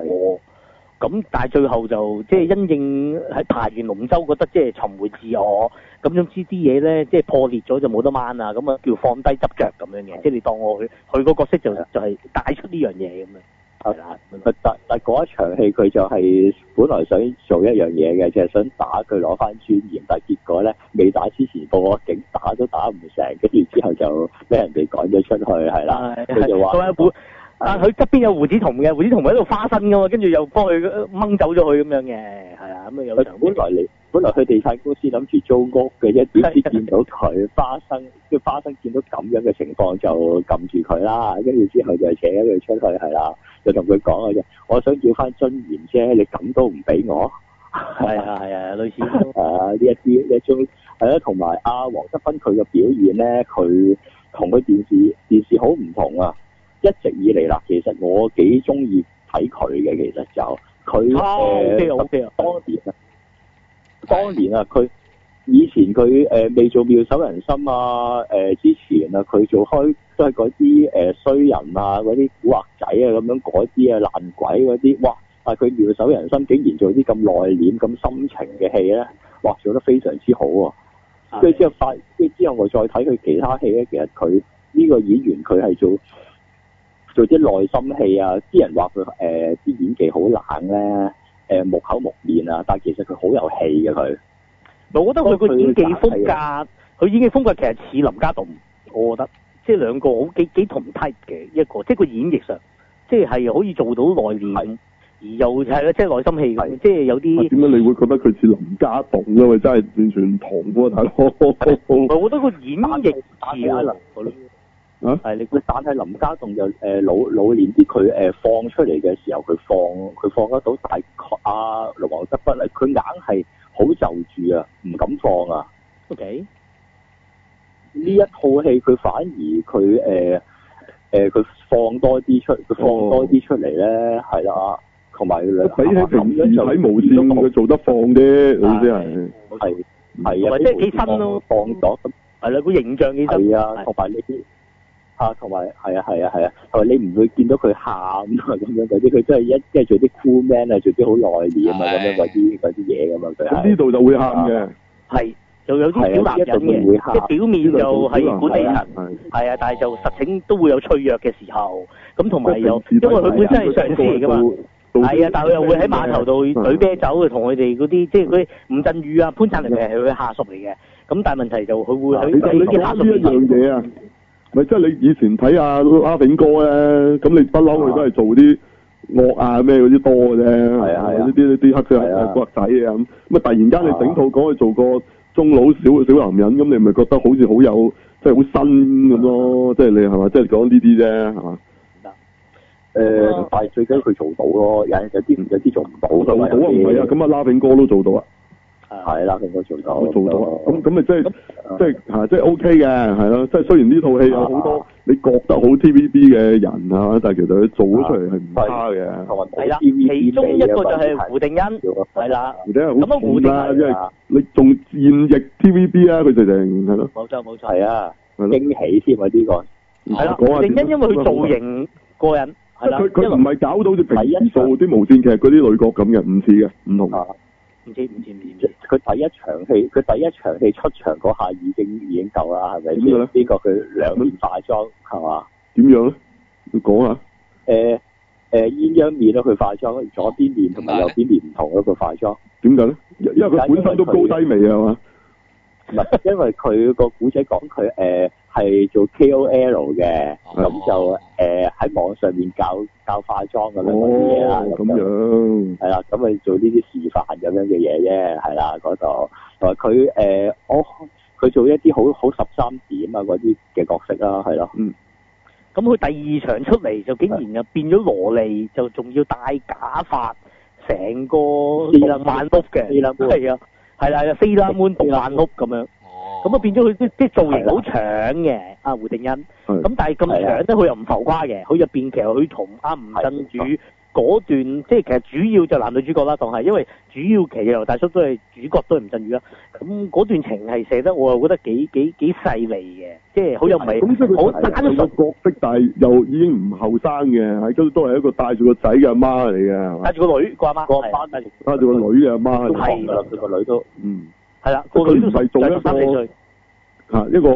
咁但係最後就即係因應喺扒完龍舟，覺得即係尋回自我，咁之之啲嘢咧即係破裂咗就冇得掹啊，咁啊叫放低執着咁樣嘅，即係你當我佢佢個角色就就係帶出呢樣嘢咁樣。係、啊、啦，但但嗰一場戲佢就係本來想做一樣嘢嘅，就係、是、想打佢攞翻尊嚴，但結果咧未打之前報個警打，打都打唔成，跟住之後就俾人哋趕咗出去，係啦，佢就話啊，佢側邊有胡子同嘅，胡子彤喺度花生噶嘛，跟住又幫佢掹走咗佢咁樣嘅，係啊，咁啊有成本來源。本來去地產公司諗住租屋嘅，一啲啲見到佢 <laughs> 花生，即花生見到咁樣嘅情況就撳住佢啦，跟住之後就扯咗佢出去係啦，就同佢講啊啫，我想要翻樽鹽啫，你咁都唔俾我，係啊係啊，類似啊 <laughs> 呢一啲，一係啊同埋阿黃德斌佢嘅表現咧，佢同佢電視電視好唔同啊，一直以嚟啦，其實我幾中意睇佢嘅，其實就佢、啊嗯啊、多誒。Okay, okay. 當年啊，佢以前佢誒、呃、未做妙手人心啊，誒、呃、之前啊，佢做開都係嗰啲誒衰人啊，嗰啲古惑仔啊咁樣嗰啲啊爛鬼嗰啲，哇！但係佢妙手人心竟然做啲咁內斂、咁深情嘅戲咧，哇，做得非常之好、啊。跟住之後發，跟住之後我再睇佢其他戲咧，其實佢呢、呢個演員佢係做做啲內心戲啊，啲人話佢誒啲演技好冷咧。誒、呃，木口木面啊，但係其實佢好有戲嘅佢。我覺得佢佢演技風格，佢演技風格其實似林家棟，我覺得即係兩個好幾幾同 type 嘅一個，即係個演繹上，即係係可以做到內斂，而又係咯，即係內心戲，即係、就是、有啲。啊，點解你會覺得佢似林家棟？因為真係完全唔同嘅大佬。我覺得個演繹打起嗯、啊，係你，但係林家棟就誒、呃、老老年啲，佢誒、呃、放出嚟嘅時候，佢放佢放得到大，大概阿黃德斌咧，佢硬係好就住啊，唔敢放啊。OK，呢一套戲佢反而佢誒誒佢放多啲出，佢、哦、放多啲出嚟咧，係啦，同埋兩比起平時睇無線佢做得放啲，你知係係係啊，或者幾新咯，放咗咁係啦個形象幾新，同埋呢啲。係啊，同埋係啊，係啊，係啊，同埋你唔會見到佢喊啊，咁、就是就是哎、樣嗰啲，佢真係一即係做啲 cool man 啊，做啲好內斂啊，咁樣嗰啲嗰啲嘢咁啊，佢咁呢度就會喊嘅。係就有啲小男人嘅，即係表面就喺古靈精，係啊，啊，但係就實情都會有脆弱嘅時候。咁同埋又因為佢本身係上司嚟㗎嘛，係啊，但係佢又會喺碼頭度舉啤酒嘅，同佢哋嗰啲即係嗰啲吳鎮宇啊、潘燦良啊係佢下屬嚟嘅。咁但係問題就佢會喺啲、啊、下，下屬面啊。咪即係你以前睇阿拉炳哥咧，咁你不嬲佢都係做啲惡啊咩嗰啲多嘅啫。係啊，呢啲呢啲黑色啊骨仔啊咁。咁啊突然間你整套講去做個中老小小男人，咁、啊、你咪覺得好似好有即係好新咁咯？即係、啊就是、你係咪？即係講呢啲啫，係、就、嘛、是？誒、呃啊，但係最緊要佢做到咯。有有啲有啲做唔到。做、嗯、到啊？唔係啊？咁阿拉炳哥都做到啊？係啦，佢都做，做到，做到咁咁啊，即係，即係吓，即係 O K 嘅，係咯。即係雖然呢套戲有好多你覺得好 T V B 嘅人啊，但係其實佢做出嚟係唔差嘅。係啦，其中一個就係胡定欣，係啦，胡定欣因為你仲現役 T V B 啊，佢就成係咯。冇錯，冇錯，係啊，驚喜添啊呢個。係啦，胡定欣因為佢、啊啊這個、造型過癮，係啦，佢佢唔係搞到好似平時做啲無線劇嗰啲女角咁嘅，唔似嘅，唔同。五千五千五千，佢第一場戲，佢第一場戲出場嗰下已經已經夠啦，係咪？樣呢，這個呢個佢兩面化妝，係嘛？點樣咧？你講下。誒、呃、誒，鴛、呃、鴦面佢、啊、化妝，左邊面，右邊面同右邊面唔同佢化妝。點解咧？因為佢本身都高低眉啊嘛。 <laughs> 因為佢個古仔講佢，誒係做 K O L 嘅，咁、哦、就誒喺網上面教教化妝咁樣嗰啲嘢啦。咁樣。係、哦、啦，咁咪做呢啲示範咁樣嘅嘢啫，係啦，嗰度同埋佢誒，我佢做一啲好好十三點啊嗰啲嘅角色啦，係咯。嗯。咁佢第二場出嚟就竟然又變咗羅莉，就仲要戴假髮，成個四楞眼碌嘅，四楞。係啊。係啦，係啦，四單門獨棟屋咁樣哦。咁啊變咗佢啲啲造型好長嘅，阿、啊、胡定欣，咁但係咁長咧，佢又唔浮誇嘅，佢入邊其實佢同阿吳鎮宇。嗰段即係其實主要就男女主角啦，當係，因為主要期嘅，劉大叔都係主角，都係吳鎮宇啦。咁嗰段情係寫得，我又覺得幾幾幾細膩嘅，即係好有味。咁即係佢角色，但係又已經唔後生嘅，係都都係一個帶住個仔嘅阿媽嚟嘅，帶帶住個女個阿媽，係帶住個女嘅阿媽係。係啦，佢個女，嗯女都嗯係啦。個女都係做三四歲吓一個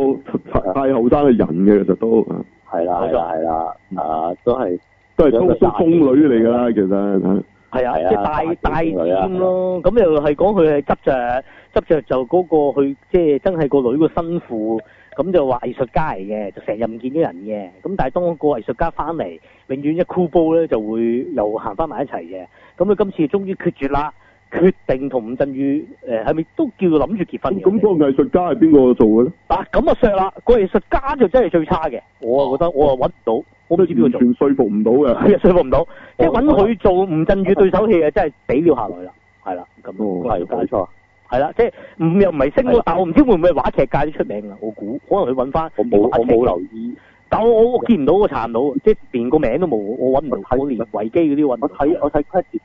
太後生嘅人嘅，其實都係啦，係啦，嗱、嗯、都係。都係公公女嚟噶啦，其實係啊，即係、啊啊啊、大大尖咯、啊。咁、啊啊、又係講佢係執着，執着就嗰、嗰個佢即係真係個女嘅辛苦，咁就話藝術家嚟嘅，就成日唔見咗人嘅。咁但係當個藝術家翻嚟，永遠一箍煲包咧，就會又行翻埋一齊嘅。咁佢今次終於決絕啦，決定同吳鎮宇誒，係咪都叫諗住結婚嘅？咁、嗰個藝術家係邊個做嘅咧？啊，咁啊削啦，嗰個藝術家就真係最差嘅。我啊覺得，我啊搵唔到。我都唔知邊個做，完全說服唔到嘅，說服唔到。即係搵佢做吳鎮宇對手戲啊，真係俾了下來啦，係、嗯、啦，咁咯。係冇錯，係啦，即係唔又唔係升，但我唔知會唔會話劇界都出名啦。我估可能佢搵翻。我冇，我冇留意。但我我見唔到，個查唔到，即係連個名都冇，我搵唔到。我到、嗯、連維基嗰啲搵。我睇我睇 credit，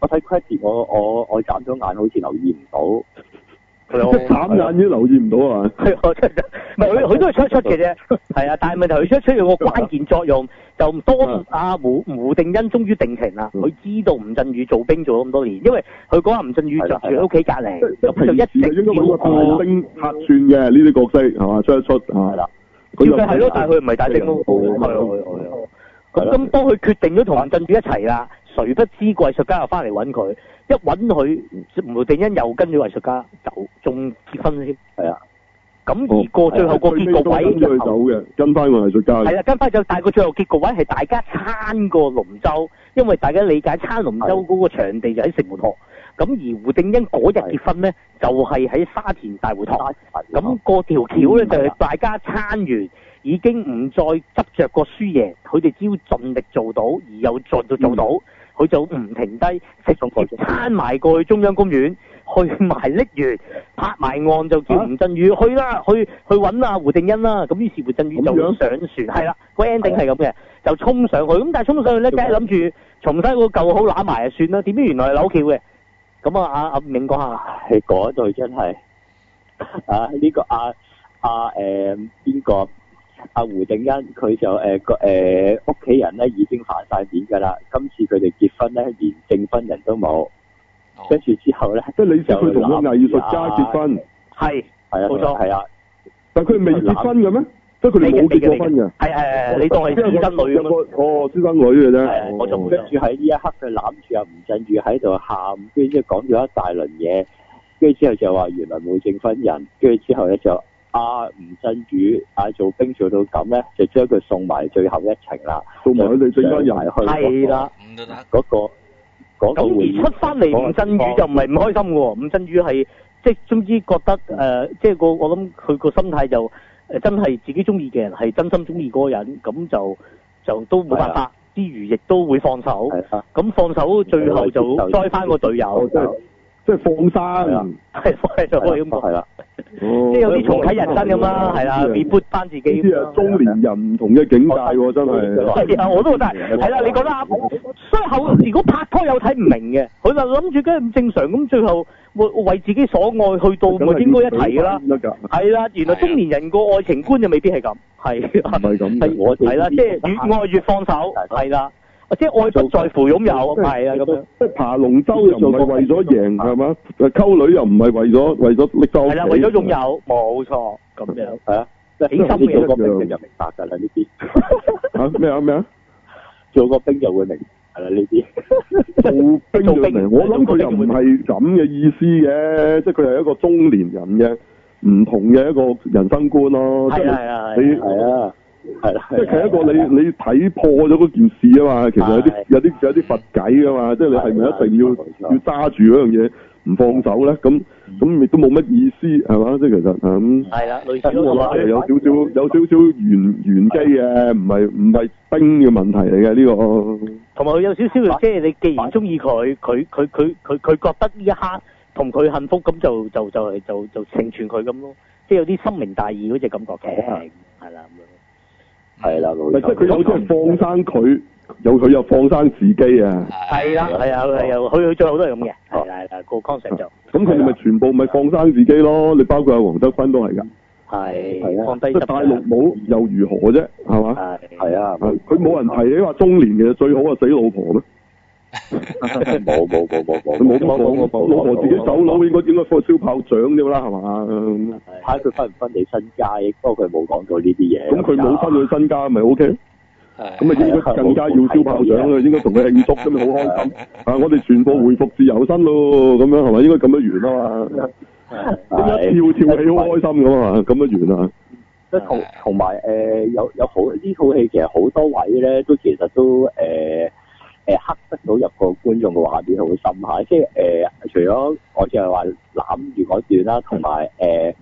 我睇 credit，我我我眨咗眼，好似留意唔到。係啊！眨眼啲留意唔到啊！係佢？佢都係出一出嘅啫，係啊。但係問題佢出一出有個關鍵作用，就當阿胡胡定欣終於定情啦。佢知道吳鎮宇做兵做咗咁多年，因為佢講話吳鎮宇住住喺屋企隔籬，咁就一直調兵客串嘅呢啲角色係嘛，出一出，係啦。調戲係咯，但係佢唔係大兵咯。係啊係啊，咁咁當佢決定咗同吳鎮宇一齊啦，誰不知藝術家又翻嚟揾佢，一揾佢胡定欣又跟住藝術家。仲結婚先係啊，咁而過最後個結局位，啊啊、最跟翻個藝術家係啊，跟翻就大個最後結局位係大家撐過龍舟，因為大家理解撐龍舟嗰個場地就喺城門河，咁、啊、而胡定欣嗰日結婚咧、啊、就係喺沙田大會堂，咁、啊嗰個條橋咧、啊、就係、是、大家撐完已經唔再執着個輸贏，佢哋只要盡力做到，而又盡到做到。嗯佢就唔停低，食即係撐埋過去中央公園去埋拎完，泊埋岸就叫胡振宇去啦，去去揾啊胡定欣啦，咁於是胡振宇就上船，係啦，個 ending 係咁嘅，就衝上去，咁但係衝上去咧，梗係諗住重新嗰舊好揦埋啊算啦，點知原來係扭橋嘅，咁啊阿阿明講下，嗰對真係啊呢個阿阿誒邊個？啊啊啊呃阿胡定欣佢就誒個誒屋企人咧已經反晒面噶啦，今次佢哋結婚咧連證婚人都冇，跟、哦、住之後咧即係李思，佢同個藝術家結婚，係係啊冇錯係啊，但係佢未結婚嘅咩？即係佢哋冇結過婚嘅，係係你當係私生女啊？哦私生女嘅咧、哦，我仲跟住喺呢一刻佢攬住阿吳鎮宇喺度喊，跟住之後講咗一大輪嘢，跟住之後就話原來冇證婚人，跟住之後咧就。阿吳鎮宇，嗌、啊、做兵做到咁咧，就將佢送埋最後一程啦。到埋佢哋最又係去係啦，嗰、那個嗰咁、那個那個、而出翻嚟，吳鎮宇就唔係唔開心喎。吳鎮宇係即係，總之覺得誒、呃，即係我我諗佢個心態就誒，真係自己中意嘅人，係真心中意嗰個人，咁就就都冇辦法。之餘亦都會放手，咁放手最後就栽翻個隊友。即係放生是、啊，係放喺度咁，係啦、啊，即係、啊哦、有啲重啟人生咁啦，係啦 reboot 翻自己。中年人唔同嘅境界喎，真係、啊啊啊啊。我都覺得係，係啦、啊啊啊，你覺得啊？所以後如果拍拖又睇唔明嘅，佢就諗住跟住咁正常，咁最後為為自己所愛去到咪應該一齊噶啦，係啦、啊。原來中年人個愛情觀就未必係咁，係唔係咁？係我係啦，即係越愛越放手，係啦。即係愛不在乎擁有，係啊咁樣。即係爬龍舟又唔係為咗贏係嘛？溝女又唔係為咗為咗力鬥贏。係啦，為咗擁有，冇錯咁樣。係啊，即係你做個兵就就明白㗎啦呢啲。咩啊咩啊？做個兵就會明係啦呢啲。做兵就明白兵。我諗佢又唔係咁嘅意思嘅，即係佢係一個中年人嘅唔同嘅一個人生觀咯。係啊係啊係啊。就是係啦，即係一個你對啦對啦，你睇破咗嗰件事啊嘛。其實有啲有啲有啲佛偈啊嘛，即、就、係、是、你係咪一定要要揸住嗰樣嘢唔放手咧？咁咁亦都冇乜意思係嘛？即係、就是、其實係咁。係、嗯、啦有有，有少少有少少玄玄機嘅，唔係唔係冰嘅問題嚟嘅呢個有有。同埋有少少，即係你既然中意佢，佢佢佢佢佢覺得呢一刻同佢幸福，咁就就就係就就成全佢咁咯。即係、就是、有啲深明大義嗰隻感覺嘅，係啦。係啦，即係佢有，即係放生佢，有佢又，又放生自己啊！係、yeah. 啦、right. uh, yeah.，係啊，又又佢佢最好都係咁嘅，係啦，係啦，個 concept 就咁佢哋咪全部咪放生自己咯？你包括阿黃德斌都係㗎，係係啊，放低個大陸佬又如何啫？係嘛？係啊，佢冇人提你話中年嘅最好啊死老婆咩？冇冇冇冇冇，冇冇冇， <laughs> 嗯、 <laughs> 老婆自己走佬應該點解放燒炮仗啫啦，係嘛？睇、ah、佢分唔分你身家，亦都佢冇講咗呢啲嘢。咁佢冇分佢身家，咪 O K？咁啊，應該更加要燒炮仗啦，應該同佢慶祝咁咪好開心、 <laughs> 嗯。啊，我哋全部回復自由身咯，咁樣係咪？應該咁樣完啊嘛。跳跳戲好開心咁啊，咁樣完啊。同同埋誒，有有好呢套戲，其實好多位咧都其實都誒。呃誒、呃，黑得到入個觀眾嘅畫面好深下，即係誒、呃，除咗我淨係話攬住嗰段啦，同埋誒，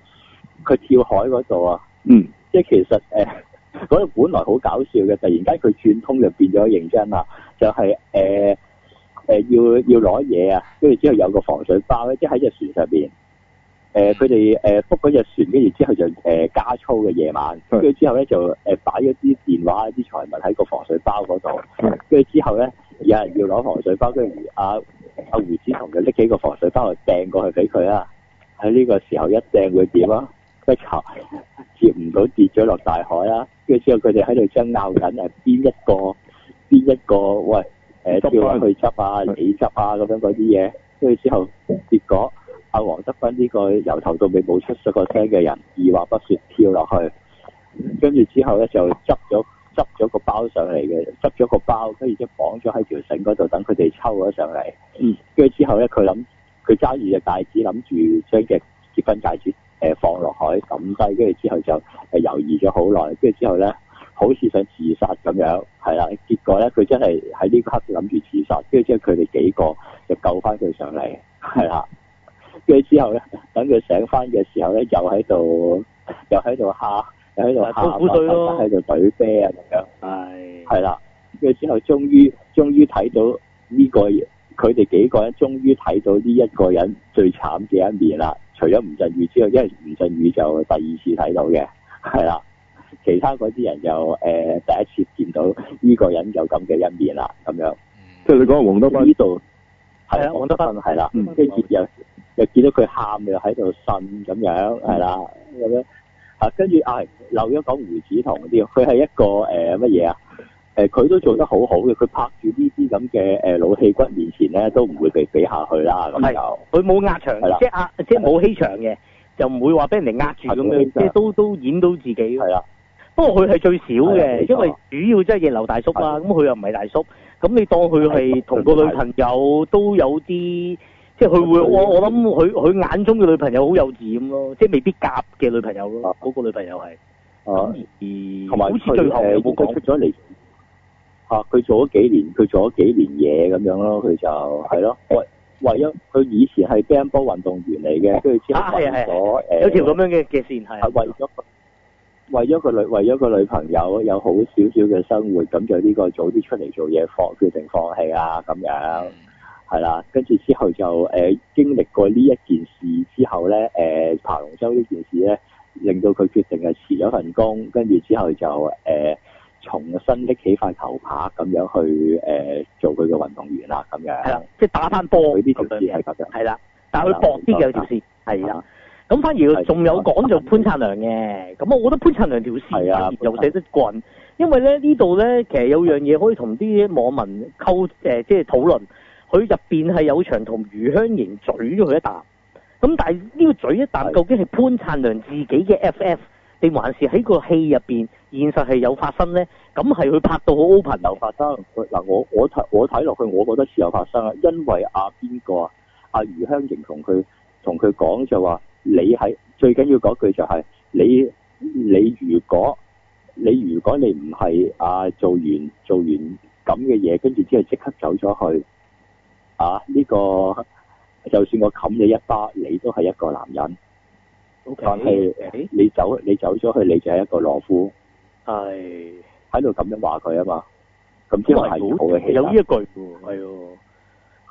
佢、呃、跳海嗰度啊，嗯，即係其實誒，嗰、呃、度本來好搞笑嘅，突然間佢串通就變咗認真啦，就係誒誒要要攞嘢啊，跟住之後有個防水包，即係喺隻船上邊，誒佢哋誒 book 嗰隻船，跟住之後就誒、呃、加粗嘅夜晚，跟、嗯、住之後咧就誒擺咗啲電話啲財物喺個防水包嗰度，跟、嗯、住之後咧。有人要攞防水包，跟住阿阿胡子彤就拎幾個防水包嚟掟過去俾佢啊！喺呢個時候一掟會點啊？咩球接唔到跌咗落大海啦！跟住之後佢哋喺度爭拗緊，係邊一個邊一個喂誒跳、呃、去執啊，你執啊咁樣嗰啲嘢。跟住、啊、之後結果阿黃德斌呢個由頭到尾冇出出過聲嘅人，二話不說跳落去，跟住之後咧就執咗。執咗個包上嚟嘅，執咗個包，跟住即係綁咗喺條繩嗰度，等佢哋抽咗上嚟。嗯，跟住之後咧，佢諗，佢揸住隻戒指，諗住將隻結婚戒指誒放落海抌低，跟住之後就猶豫咗好耐，跟住之後咧，好似想自殺咁樣，係啦。結果咧，佢真係喺呢刻諗住自殺，跟住之後佢哋幾個就救翻佢上嚟，係啦。跟、嗯、住之後咧，等佢醒翻嘅時候咧，又喺度，又喺度吓。喺度下下下，喺度懟啤啊，咁樣，係係啦，咁、啊、之、啊啊、後終於終於睇到呢，這個佢哋幾個人終於睇到呢一個人最慘嘅一面啦。除咗吳鎮宇之外，因為吳鎮宇就第二次睇到嘅，係啦，其他嗰啲人又誒、呃、第一次見到呢個人有咁嘅一面啦，咁樣。即係你講黃德斌呢度係啊，黃德斌係啦，跟住又又見到佢喊，又喺度呻咁樣，係啦咁樣。啊，跟住啊，漏咗講胡子彤嗰啲，佢係一個誒乜嘢啊？誒、呃，佢、呃、都做得好好嘅，佢拍住呢啲咁嘅誒老戲骨面前咧，都唔會被比下去啦。係，佢冇壓場，即係阿即係冇氣場嘅，就唔會話俾人哋壓住咁樣，即係、就是、都都，都演到自己。係啊，不過佢係最少嘅，因為主要即係逆流大叔啦，咁佢又唔係大叔，咁你當佢係同個女朋友都有啲。即係佢會，我我諗佢佢眼中嘅女朋友好幼稚咁咯，即係未必夾嘅女朋友咯，嗰、啊嗰個女朋友係。啊。同埋好似最後佢冇、啊、出咗嚟。佢、啊、做咗幾年，佢做咗幾年嘢咁樣咯，佢就係咯。喂，為咗佢以前係棒球運動員嚟嘅，跟住之後、啊、有條咁樣嘅嘅線係、啊。為咗個為咗個女為咗個女朋友有好少少嘅生活，咁就呢、呢個早啲出嚟做嘢放決定放棄啊咁樣。係啦，跟住之後就誒、呃、經歷過呢一件事之後咧，誒、呃、爬龍舟呢件事咧，令到佢決定係辭咗份工，跟住之後就誒、呃、重新拎起塊球拍咁樣去誒、呃、做佢嘅運動員啦。咁樣係啦，即係打翻波佢啲條線係啦，但佢搏啲嘅條線係啦，咁反而仲有講做潘燦良嘅，咁我覺得潘燦良條線又寫得棍，因為咧呢度咧其實有樣嘢可以同啲網民溝、呃、即係討論。佢入面係有場同余香凝嘴咗佢一啖咁，但係呢個嘴一啖究竟係潘燦良自己嘅 F F，定還是喺個戲入面現實係有發生呢？咁係佢拍到好 open 又發生。嗱、嗯，我我睇我睇落去，我覺得似有發生啊，因為阿、啊、邊個阿、啊、余香凝同佢同佢講就話你喺最緊要嗰句就係、是、你你如果你如果你唔係啊做完做完咁嘅嘢，跟住之後即刻走咗去。啊！呢個就算我冚你一巴，你都係一個男人。Okay. 但係誒，你走你走咗去，你就係一個懦夫。係喺度咁樣話佢啊嘛，咁先係好嘅戲、啊。有呢一句喎，係哦、啊。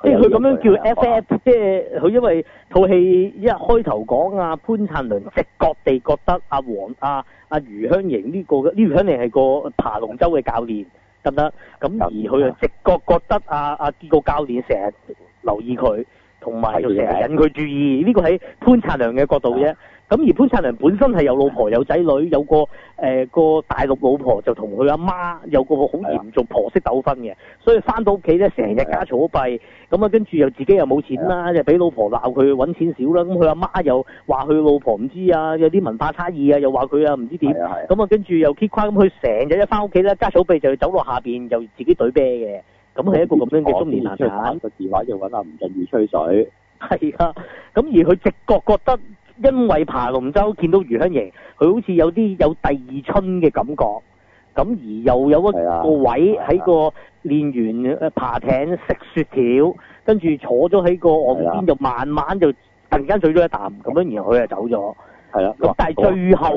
即係佢咁樣叫 F F，即係佢因為套戲一開頭講啊，潘燦良直覺地覺得阿黃阿阿余香瑩呢個，呢余香瑩係個爬龍舟嘅教練。得唔得？咁、啊、而佢又直覺覺得阿、啊、阿、啊，這個教練成日留意佢，同埋成日引佢注意。呢、這個喺潘燦良嘅角度啫。行咁而潘燦良本身係有老婆有仔女，有個誒、呃、個大陸老婆就同佢阿媽有個好嚴重婆媳糾紛嘅，所以翻到屋企咧成日家嘈屋閉，咁啊跟住又自己又冇錢啦，又俾老婆鬧佢搵錢少啦，咁佢阿媽又話佢老婆唔知啊，有啲文化差異啊，又話佢啊唔知點，咁啊跟住又揭胯咁，佢成日一翻屋企咧家嘈屋閉就要走落下邊又自己對啤嘅，咁係一個咁樣嘅中年男人。個電話搵阿吳鎮宇吹水。係啊，咁而佢直覺覺得。因為爬龍舟見到余香凝，佢好似有啲有第二春嘅感覺，咁而又有一個位喺個練完爬艇食雪條，跟住坐咗喺個岸邊就慢慢就突然間水咗一啖，咁樣然後佢就走咗。係啦，咁但係最後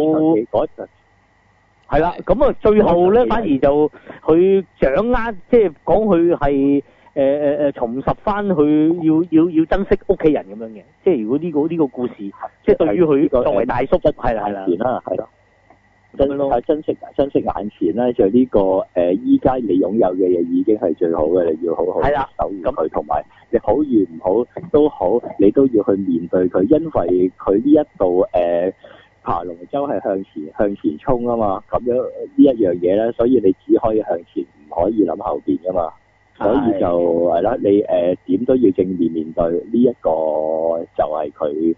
係啦，咁啊最後咧反而就佢掌握即係講佢係。就是誒誒誒，重拾翻佢要要要珍惜屋企人咁樣嘅，即係如果呢、這個呢、這個故事，即係對於佢作為大叔係啦係啦，真、啊嗯嗯、真咯，珍惜珍惜眼前啦、啊，就呢、這個誒，依、呃、家你擁有嘅嘢已經係最好嘅，你要好好守住佢，同埋你好遠唔好都好，你都要去面對佢，因為佢呢一度誒、呃，爬龍舟係向前向前衝啊嘛，咁樣，樣呢一樣嘢咧，所以你只可以向前，唔可以諗後邊噶嘛。所以就係啦，你誒點、呃、都要正面面對呢一個就係佢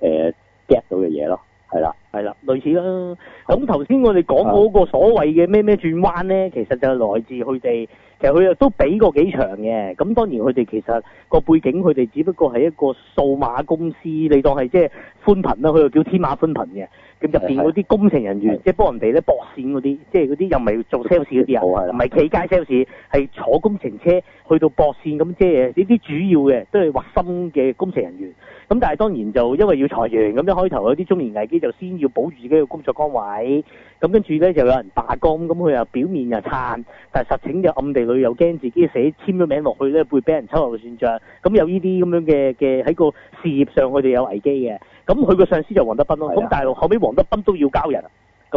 誒 get 到嘅嘢咯，係啦，係啦，類似啦。咁頭先我哋講嗰個所謂嘅咩咩轉彎咧、啊，其實就來自佢哋。其實佢又都俾過幾場嘅，咁當然佢哋其實個背景佢哋只不過係一個數碼公司，你當係即係寬頻啦，佢又叫天馬寬頻嘅。咁入面嗰啲工程人員，即係、就是、幫人哋咧駁線嗰啲，即係嗰啲又唔係做 sales 嗰啲啊，唔係企街 sales，係坐工程車去到駁線咁，即係呢啲主要嘅都係核心嘅工程人員。咁但係當然就因為要裁員，咁一開頭有啲中年危機就先要保住自己嘅工作崗位。咁跟住咧就有人罷工，咁佢又表面又撐，但係實情又暗地裏又驚自己寫簽咗名落去咧會俾人抽落後算賬咁、嗯嗯、有呢啲咁樣嘅嘅喺個事業上佢哋有危機嘅，咁佢個上司就黃德斌咯，咁、啊嗯、大陸後尾，黃德斌都要交人。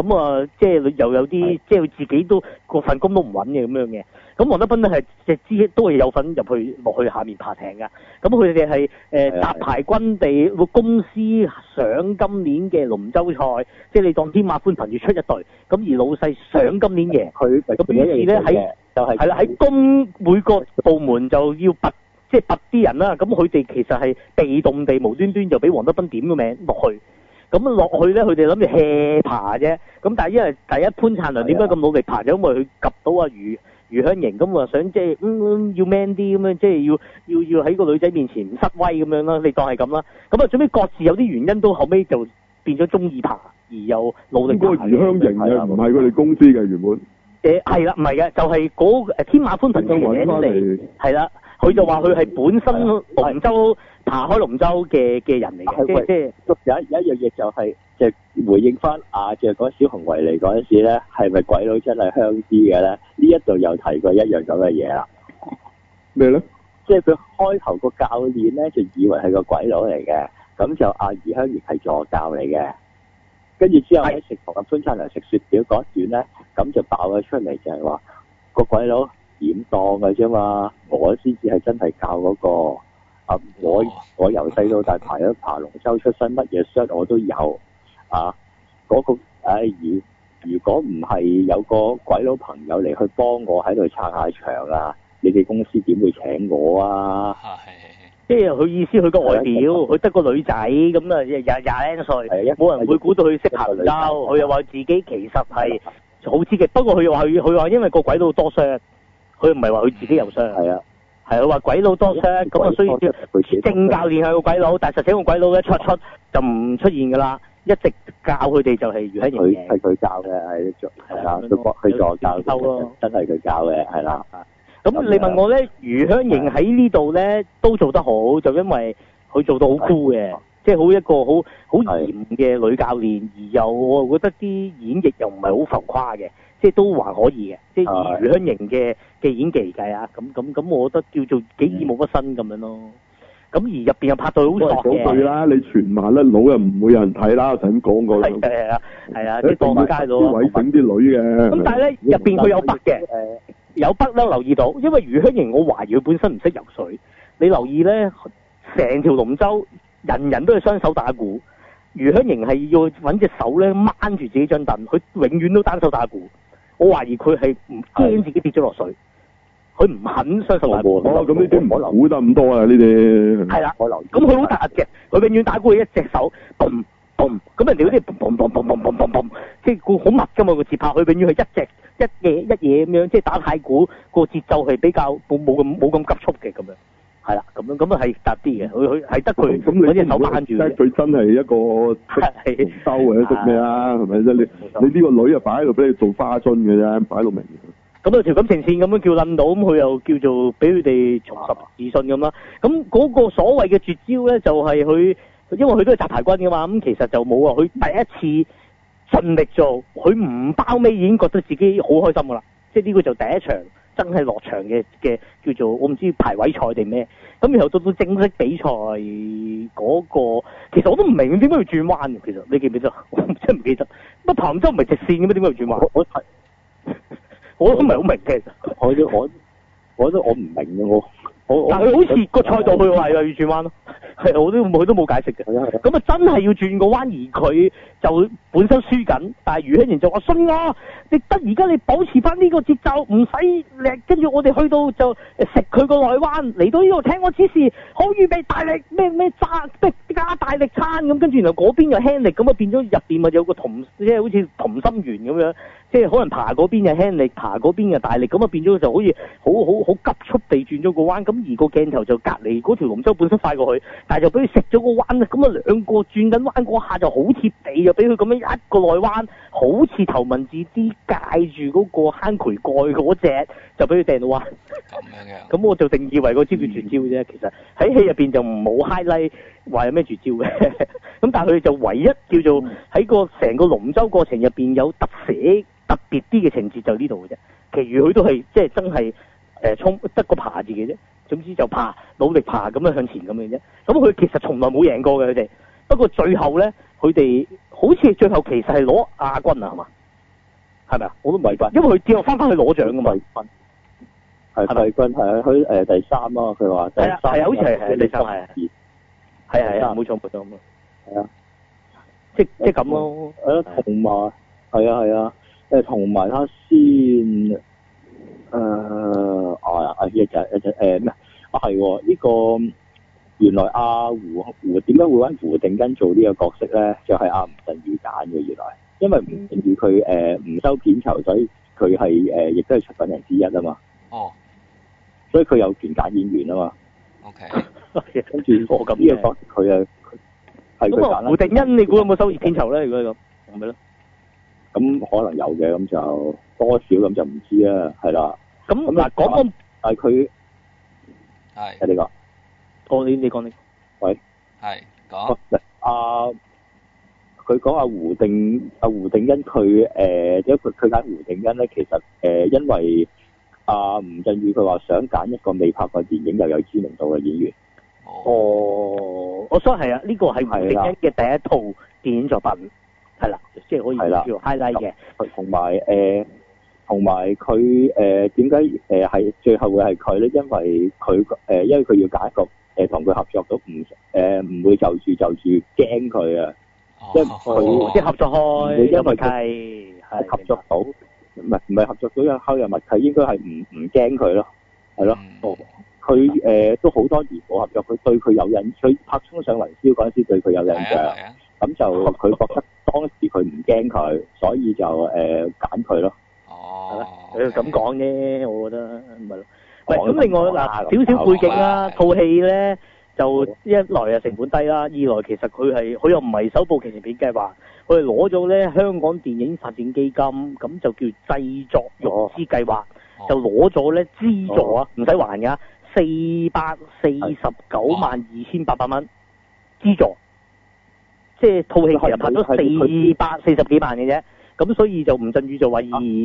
咁、嗯、啊、呃，即係又有啲，即係佢自己都個份工都唔穩嘅咁樣嘅。咁黃德斌呢，係只知都係有份入去落去下面爬艇噶。咁佢哋係誒搭牌軍地個公司想今年嘅龍舟賽，即係你當天馬寬頻要出一隊。咁而老細想今年贏，佢咁於是呢喺係啦喺公每個部門就要拔，即、就、係、是、拔啲人啦。咁佢哋其實係被動地無端端就俾黃德斌點個名落去。咁落去咧，佢哋諗住 hea 爬啫。咁但係因為第一潘燦良點解咁努力爬咗、啊？因為佢及到阿余余香凝，咁啊想即係嗯，嗯要 man 啲咁樣，即係要要要喺個女仔面前唔失威咁樣啦。你當係咁啦。咁啊，最尾各自有啲原因，都後尾就變咗中意爬，而又努力爬。嗰、那、魚、個、香凝嘅唔係佢哋公司嘅原本。誒係啦，唔係嘅，就係嗰誒天馬歡騰原嚟。係啦、啊，佢就話佢係本身龍舟，爬開龍舟嘅嘅人嚟嘅，即係有一有一樣嘢就係即係回應返阿謝講小熊維尼嚟嗰陣時咧，係咪鬼佬真係香啲嘅咧？呢一度又提過一樣咁嘅嘢啦。咩咧？即係佢開頭個教練咧就以為係個鬼佬嚟嘅，咁就阿余、啊、香凝係助教嚟嘅，跟住之後喺食堂同阿潘燦良食雪條嗰一段咧，咁就爆咗出嚟就係話個鬼佬點當嘅啫嘛，我先至係真係教嗰、那個。我我由細到大爬咗爬龍舟，出身乜嘢傷我都有啊！嗰、嗰個如、哎、如果唔係有個鬼佬朋友嚟去幫我喺度撐下場啊，你哋公司點會請我啊？即係佢意思，佢個外表，佢得、那個、個女仔咁啊，廿廿零歲，冇人會估到佢識龍舟。佢又話自己其實係好知嘅，不過佢又話佢佢話因為個鬼佬多傷佢唔係話佢自己有傷係啊。係啦，話鬼佬多聲，咁啊雖然正教練係個鬼佬，但係實請個鬼佬嘅，出出就唔出現噶啦，一直教佢哋就係余香凝，係佢教嘅，係係啊，佢博佢助教收咯，真係佢教嘅，係啦。咁、嗯嗯、你問我咧，余香凝喺呢度咧都做得好，就因為佢做到好酷嘅，即係好一個好好嚴嘅女教練，而又我覺得啲演繹又唔係好浮誇嘅。即係都還可以嘅，即係余香凝嘅嘅演技嚟計啊！咁咁咁，我覺得叫做幾意冇乜新咁樣咯。咁、嗯、而入邊又拍到好熟嘅，對啦！你全麻甩佬又唔會有人睇啦，我咁講過。係係啊，係啊，啲當街佬啲位整啲女嘅。咁但係咧，入邊佢有北嘅、呃，有北咧留意到，因為余香凝我懷疑佢本身唔識游水。你留意咧，成條龍舟人人都係雙手打鼓，余香凝係要揾隻手咧掹住自己張凳，佢永遠都單手打鼓。我懷疑佢係唔驚自己跌咗落水，佢唔肯相信我。咁呢啲唔可留。會得咁多啊，呢啲。係啦，咁佢好單隻，佢永遠打鼓係一隻手，boom boom，咁人哋嗰啲 boom boom boom boom boom boom boom，即係鼓好密㗎嘛個節拍，佢永遠係一隻一嘢一嘢咁樣，即係打太鼓個節奏係比較冇冇咁冇咁急促嘅咁樣。係啦，咁樣咁啊係搭啲嘅，佢佢係得佢嗰隻手攔住，得佢真係一個識收嘅，或者識咩啦，係咪先？你你呢個女啊擺喺度俾你做花樽嘅啫，擺到明。咁啊條感情線咁樣叫冧到，咁佢又叫做俾佢哋重拾自信咁啦。咁嗰個所謂嘅絕招咧，就係、係、佢，因為佢都係雜牌軍嘅嘛，咁其實就冇啊。佢第一次盡力做，佢唔包尾已經覺得自己好開心噶啦。即係呢個就第一場真係落場嘅，嘅叫做我唔知排位賽定咩，咁然後到到正式比賽嗰個，其實我都唔明點解要轉彎嘅。其實你記唔記得？我真係唔記得。乜彭州唔係直線嘅咩？點解要轉彎？我係，我都唔係好明嘅。其 <laughs> 實我我我都我唔明嘅。但佢好似個賽道佢話又要轉彎咯，係，我都佢都冇解釋嘅。咁啊，真係要轉個彎，而佢就本身輸緊，但係余香凝就話：信我，啊，你得而家你保持翻呢個節奏，唔使力。跟住我哋去到就食佢個內彎，嚟到呢度聽我指示，好預備大力咩咩揸，加大力撐。咁。跟住原來嗰邊又輕力，咁啊變咗入邊咪有個同心，即係好似同心圓咁樣。即係可能爬嗰邊又輕力，爬嗰邊又大力，咁啊變咗就好似好好好急速地轉咗個彎，咁而個鏡頭就隔離嗰條龍舟本身快過去，但係就俾佢食咗個彎啦，咁啊兩個轉緊彎嗰下就好貼地，就俾佢咁樣一個內彎。好似頭文字 D 介住嗰個坑渠蓋嗰隻，就俾佢掟到啊！咁 <laughs> 樣嘅嗎，咁 <laughs> 我就定義為個招叫絕招嘅啫。嗯、其實喺戲入面就冇 highlight 話有咩絕招嘅。咁 <laughs> 但係佢就唯一叫做喺個成個龍舟過程入面有特寫特別啲嘅情節就呢度嘅啫。其餘佢都係即、就係、真係、呃、衝、得個爬字嘅啫。總之就爬努力爬咁樣向前咁樣啫。咁佢其實從來冇贏過嘅佢哋。不過最後咧，佢哋好似最後其實係攞亞軍啊是，係嘛？係咪啊？我都唔係軍，因為佢最後翻翻去攞獎嘅咪係亞軍，係亞軍，係啊，佢誒第三啊，佢話第三，係啊，好似係第三係，啊，係係啊，冇錯冇錯係啊，係啊，即即係咁咯。誒，同埋係啊係啊，誒同埋，先誒，啊啊，一集一集誒咩啊？係呢個。啊啊這個原來阿、啊、胡胡點解會揾胡定欣做呢個角色咧？就係阿吳鎮宇揀嘅原來，因為吳鎮宇佢誒唔收片酬，所以佢係誒亦都係出品人之一啊嘛。哦，所以佢有權揀演員啊嘛。O K，跟住呢個角色佢啊係佢揀胡定欣，你估有冇收片酬咧？如果係咁，係咪咧？咁可能有嘅，咁就多少咁就唔知啊，係啦。咁嗱，講係佢係啊呢個。講呢啲，講呢啲。喂，係講嗱，阿佢講阿胡定阿胡定欣，佢誒，即係佢佢揀胡定欣咧。其實誒，因為阿吳鎮宇佢話想揀一個未拍過電影又有知名度嘅演員。哦，我 sorry 係啊，呢個係胡定欣嘅第一套電影作品，係啦，即係可以叫做 highlight 嘅。同埋誒，同埋佢誒點解誒係最後會係佢咧？因為佢誒，因為佢要揀一個。誒、呃，同佢合作到唔，誒、呃，唔會就住就住驚佢啊，哦哦、即係佢即係合作開，默、嗯、契係合作到，唔係唔係合作到有敲有默契，佢應該係唔唔驚佢咯，係咯、啊，佢、嗯、誒、嗯呃、都好多年冇合作，佢對佢有印象，佢拍衝燒《衝上雲霄》嗰陣時對佢有印象，咁就佢覺得當時佢唔驚佢，所以就誒揀佢咯，佢就咁講啫，我覺得唔係。咁，另外嗱少少背景啦。套戲咧就一來啊成本低啦，二來其實佢係佢又唔係首部劇情片計劃，佢係攞咗咧香港電影發展基金，咁就叫製作融資計劃，就攞咗咧資助啊，唔使還㗎，四百四十九萬二千八百蚊資助，4492, 資助即係套戲其實拍咗四百四十幾萬嘅啫。咁所以就吳鎮宇就話義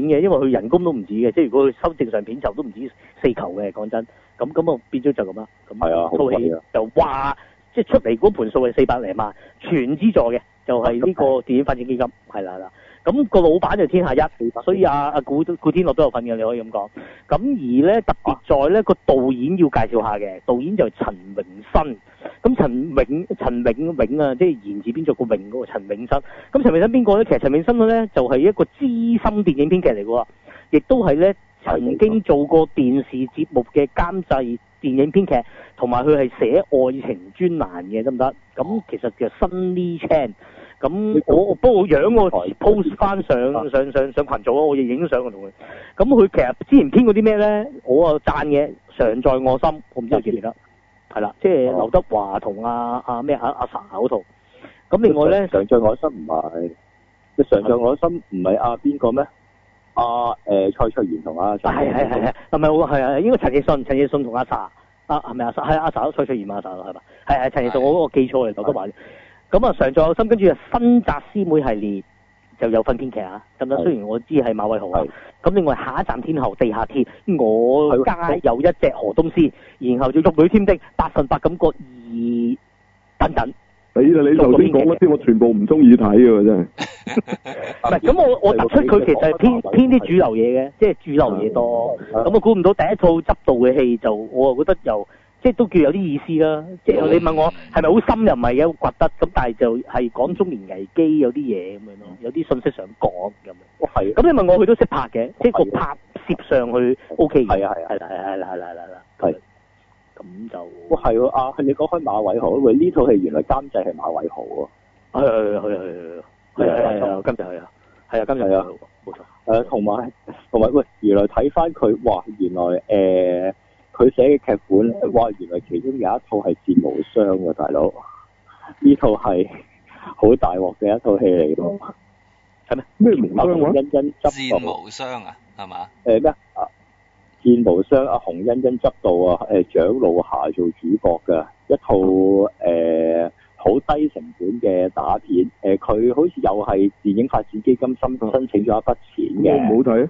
演嘅，因為佢人工都唔止嘅，即係如果佢收正常片酬都唔止四球嘅，講真。咁咁啊變咗就咁啦。咁套戲就話，即係出嚟嗰盤數係四百零萬，全資助嘅，就係呢個電影發展基金，係啦係啦。咁、那個老闆就天下一，所以阿、啊、阿古古天樂都有份嘅，你可以咁講。咁而咧特別在咧個導演要介紹下嘅，導演就係陳永新。咁陳永，陳永永啊，即係言字邊做個永，嗰個陳永新。咁陳永新邊個咧？其實陳永新咧就係、是、一個資深電影編劇嚟嘅喎，亦都係咧曾經做過電視節目嘅監製、電影編劇，同埋佢係寫愛情專欄嘅得唔得？咁其實叫 Sunny Chan。咁我我不過樣我 post 翻上上上上群組啊，我亦影相嘅同佢。咁佢其實之前編嗰啲咩咧，我啊讚嘅《常在我心》，我唔知你記唔記得，係、啊、啦，即係劉德華同阿阿咩阿阿 sa 嗰套。咁另外咧，啊啊另外呢《常在我心》唔係，《常在我心》唔係阿邊個咩？阿誒蔡卓妍同阿 sa 係係係係係，唔係係啊，啊啊應該陳奕迅、陳奕迅同阿 sa。阿係咪阿係阿 sa，蔡卓妍阿 sa 咯，係、啊、嘛？係係陳奕迅，我嗰個記錯嚟，劉、啊、德華。咁啊，常在我心，跟住新紮師妹系列就有份編劇啊，咁啦。雖然我知係馬偉豪，咁另外下一站天后、地下鐵，我家有一隻河東獅，然後就玉女添丁，百分百感覺二等等。你啊，你頭先講嗰啲，我全部唔中意睇嘅，真係。係， <laughs> 咁我我突出佢其實係偏偏啲主流嘢嘅，即係主流嘢多。咁我估唔到第一套執導嘅戲就，我又覺得由。即都叫有啲意思啦，即係你問我係咪好深又唔係嘅，好得咁，但係就係講中年危機有啲嘢咁樣咯，有啲信息想講咁樣。哦，係。咁你問我佢都識拍嘅，即係佢拍攝上去 OK 嘅。係啊，係啦，係啦，係啦，係啦，係啦，係。係。咁就。哦，係喎，啊，你講開馬偉豪，喂，呢套戲原來監製係馬偉豪啊，係係係係係係。係啊係啊，今日係啊，係啊今日啊，冇錯？誒，同埋同埋，喂，原來睇翻佢，哇，原來誒。呃佢寫嘅劇本，哇！原來其中有一套係《戰無雙》噶，大佬，呢套係好大鑊嘅一套戲嚟咯。係咩？咩無雙？洪欣欣執導《戰無雙》啊？係嘛？誒咩啊？《戰無雙》阿洪欣欣執到啊？誒蔣路霞做主角嘅一套誒好、呃、低成本嘅打片。誒、呃、佢好似又係電影發展基金申申請咗一筆錢嘅。唔好睇，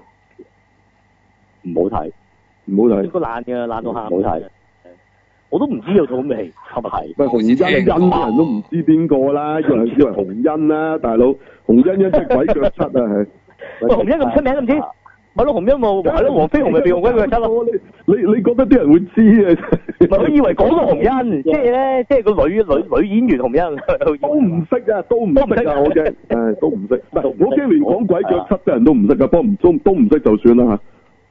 唔好睇。唔好睇，應爛嘅，爛到喊。唔好睇，我都唔知有套咁嘅戲。係、啊，唔係洪欣，欣啲人都唔知邊個啦， <laughs> 要以為以為洪欣啦，大佬洪欣一隻鬼腳七啊，係洪欣咁出名都唔、啊、知，咪咯洪欣冇，咪咯黃飛鴻咪變鬼腳七咯。你你覺得啲人會知啊？唔 <laughs> 係，我以為講到洪欣， <laughs> 即係咧，即係個女女女演員洪欣，都唔識啊，都唔識啊，啊，我驚誒 <laughs> 懂、啊， <laughs> 都唔識。我驚連講鬼腳七嘅人都唔識噶，都唔都都唔識就算啦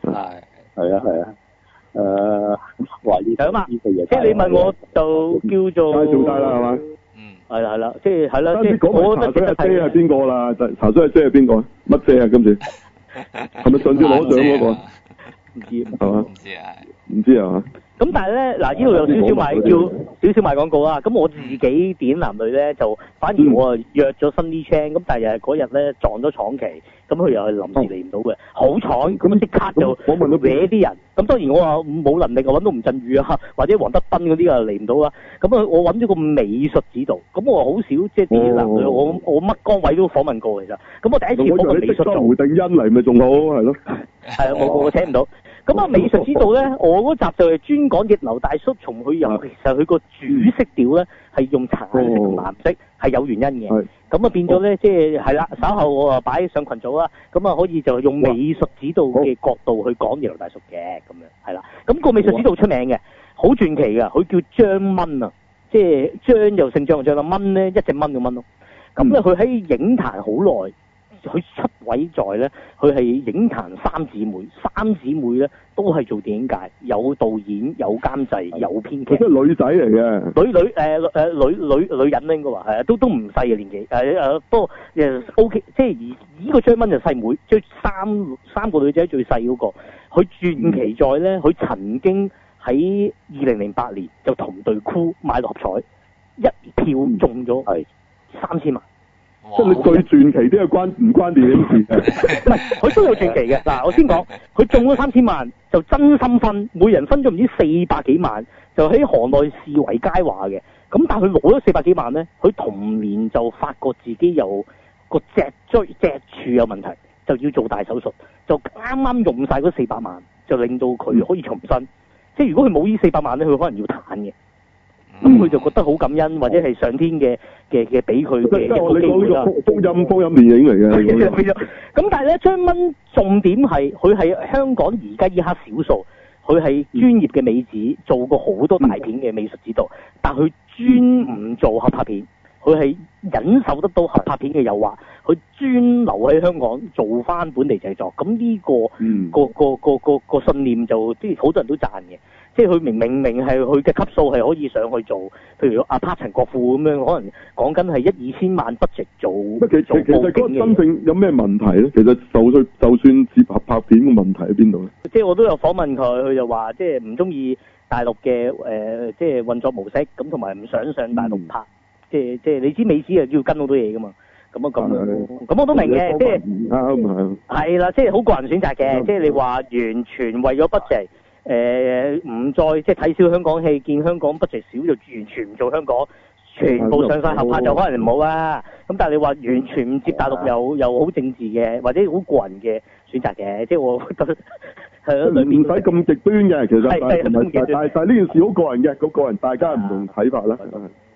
吓。係。係啊係啊，誒懷疑就咁啊，即、呃、係你問我就叫做做大啦係嘛，嗯，係啦係啦，即係係啦，即係、就是、我查水阿姐係邊個啦？查水阿姐係邊個乜姐啊？今、啊、次係咪、 <laughs> 啊、上次攞獎嗰、嗰個啊？唔知係嘛？唔知啊。唔知啊，咁但係咧，嗱呢度有少少賣叫少少賣廣告啦。咁我自己點男女咧，就反而我啊約咗 Sunny Chan，咁但係嗰日咧撞咗廠期，咁佢又係臨時嚟唔到嘅。好彩咁即刻就搲啲人。咁當然我冇能力，我搵到吳鎮宇啊，或者黃德斌嗰啲啊嚟唔到啦。咁啊我搵咗個美術指導，咁我好少即係點男女，我我乜崗位都訪問過其實。咁我第一次我美術就定欣嚟咪仲好係咯。係、哦、啊，我我請唔到。哦咁啊，美術指導咧，我嗰集就係專講逆流大叔，從佢由其實佢個主色調咧係用橙色同藍色，係有原因嘅。咁、哦、啊變咗咧，即係係啦，稍後我啊擺上群組啦，咁啊可以就用美術指導嘅角度去講逆流大叔嘅咁樣，係啦。咁、那個美術指導出名嘅，好傳奇㗎，佢叫張蚊啊，即、就、係、是、張又姓張，張啊蚊咧一隻蚊咁蚊咯。咁咧佢喺影壇好耐。佢出位在咧，佢係影壇三姊妹，三姊妹咧都係做電影界，有導演、有監製、有編劇，都係女仔嚟嘅。女女、呃呃、女女女人應該話係啊，都都唔細嘅年紀誒誒，不過、呃、OK，即係而呢個張蚊就細妹，即係三三個女仔最細嗰個。佢傳奇在咧，佢、嗯、曾經喺二零零八年就同隊箍買六合彩，一票中咗、嗯、三千萬。即係你最傳奇都係關唔關電影事？唔係，佢都有傳奇嘅。嗱，我先講，佢中咗三千萬就真心分，每人分咗唔知四百幾萬，就喺行內視為佳話嘅。咁但係佢攞咗四百幾萬咧，佢同年就發覺自己有個脊椎脊柱有問題，就要做大手術，就啱啱用晒嗰四百萬，就令到佢可以重生、嗯。即係如果佢冇呢四百萬咧，佢可能要彈嘅。咁、嗯、佢就覺得好感恩，或者係上天嘅嘅嘅俾佢嘅一個機會福、嗯、音福音電影嚟嘅，咁 <laughs> 但係呢張文重點係佢係香港而家依刻少數，佢係專業嘅美指，嗯、做過好多大片嘅美術指導，嗯、但佢專唔做合拍片，佢係忍受得到合拍片嘅誘惑，佢專留喺香港做返本地製作。咁呢、呢個、嗯、個個個個，個信念就啲好多人都讚嘅。即係佢明明明係佢嘅級數係可以上去做，譬如阿 p a t 陳國富咁樣，可能講緊係一二千萬不值做，其實做報個真正有咩問題咧？其實就算就算合拍片嘅問題喺邊度咧？即係我都有訪問佢，佢就話即係唔中意大陸嘅、呃、即係運作模式咁，同埋唔想上大陸拍，嗯、即係即係你知美知啊，要跟好多嘢噶嘛，咁啊咁，咁我都明嘅，即係啱係，啦、就是，即係好個人選擇嘅，即係、就是、你話完全為咗不值。誒、呃、唔再即係睇少香港戲，見香港 budget 少就完全唔做香港，全部上晒合拍就可能唔好啦。咁但係你話完全唔接大陸有、嗯、又又好政治嘅，或者好個人嘅選擇嘅、嗯，即係我覺得係裏你唔使咁極端嘅，其實係但係但係呢件事好、那個人嘅，個個人大家唔同睇法啦。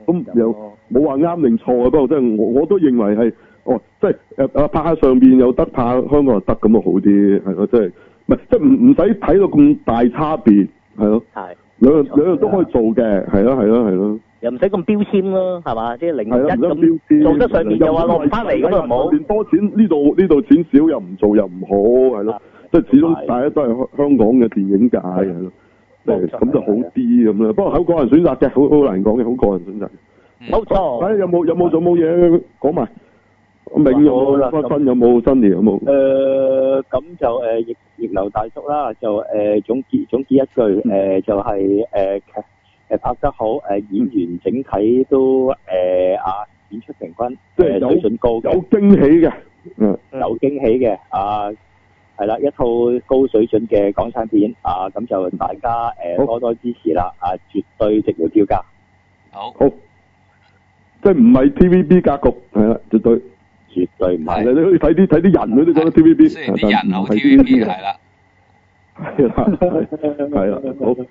咁又冇話啱定錯啊。不過真係我我都認為係，哦，即係拍下拍上面有得拍，香港又得咁啊，好啲係咯，即係。唔係，即係唔唔使睇到咁大差別，係咯，兩兩樣都可以做嘅，係咯，係咯，係咯，又唔使咁標籤咯，係嘛，即係另一個標籤，就是、是用標籤做得上面又話落唔翻嚟咁陣冇，formulae, 多錢呢度呢度錢少又唔做又唔好，係咯，即係始終大家都係香港嘅電影界係咯，咁就好啲咁啦。不過好個人選擇嘅，好好難講嘅，好個人選擇。冇錯。就是、有冇有冇做冇嘢講埋。說說.明我啦，新年有冇新年有冇？誒咁就誒逆逆流大叔啦，就誒總結總結一句誒，就係誒劇誒拍得好，誒演員整體都誒啊演出平均即係水準高嘅，有驚喜嘅，嗯，有驚喜嘅啊，係啦，一套高水準嘅港產片啊，咁就大家誒多多支持啦，啊絕對值回票價。好。好。即係唔係 TVB 格局係啦，絕對。絕對唔係，你可以睇啲睇啲人，佢都講 T V B，雖然啲人好 T V B，係啦，係 <laughs> 啦是的， <laughs> 好。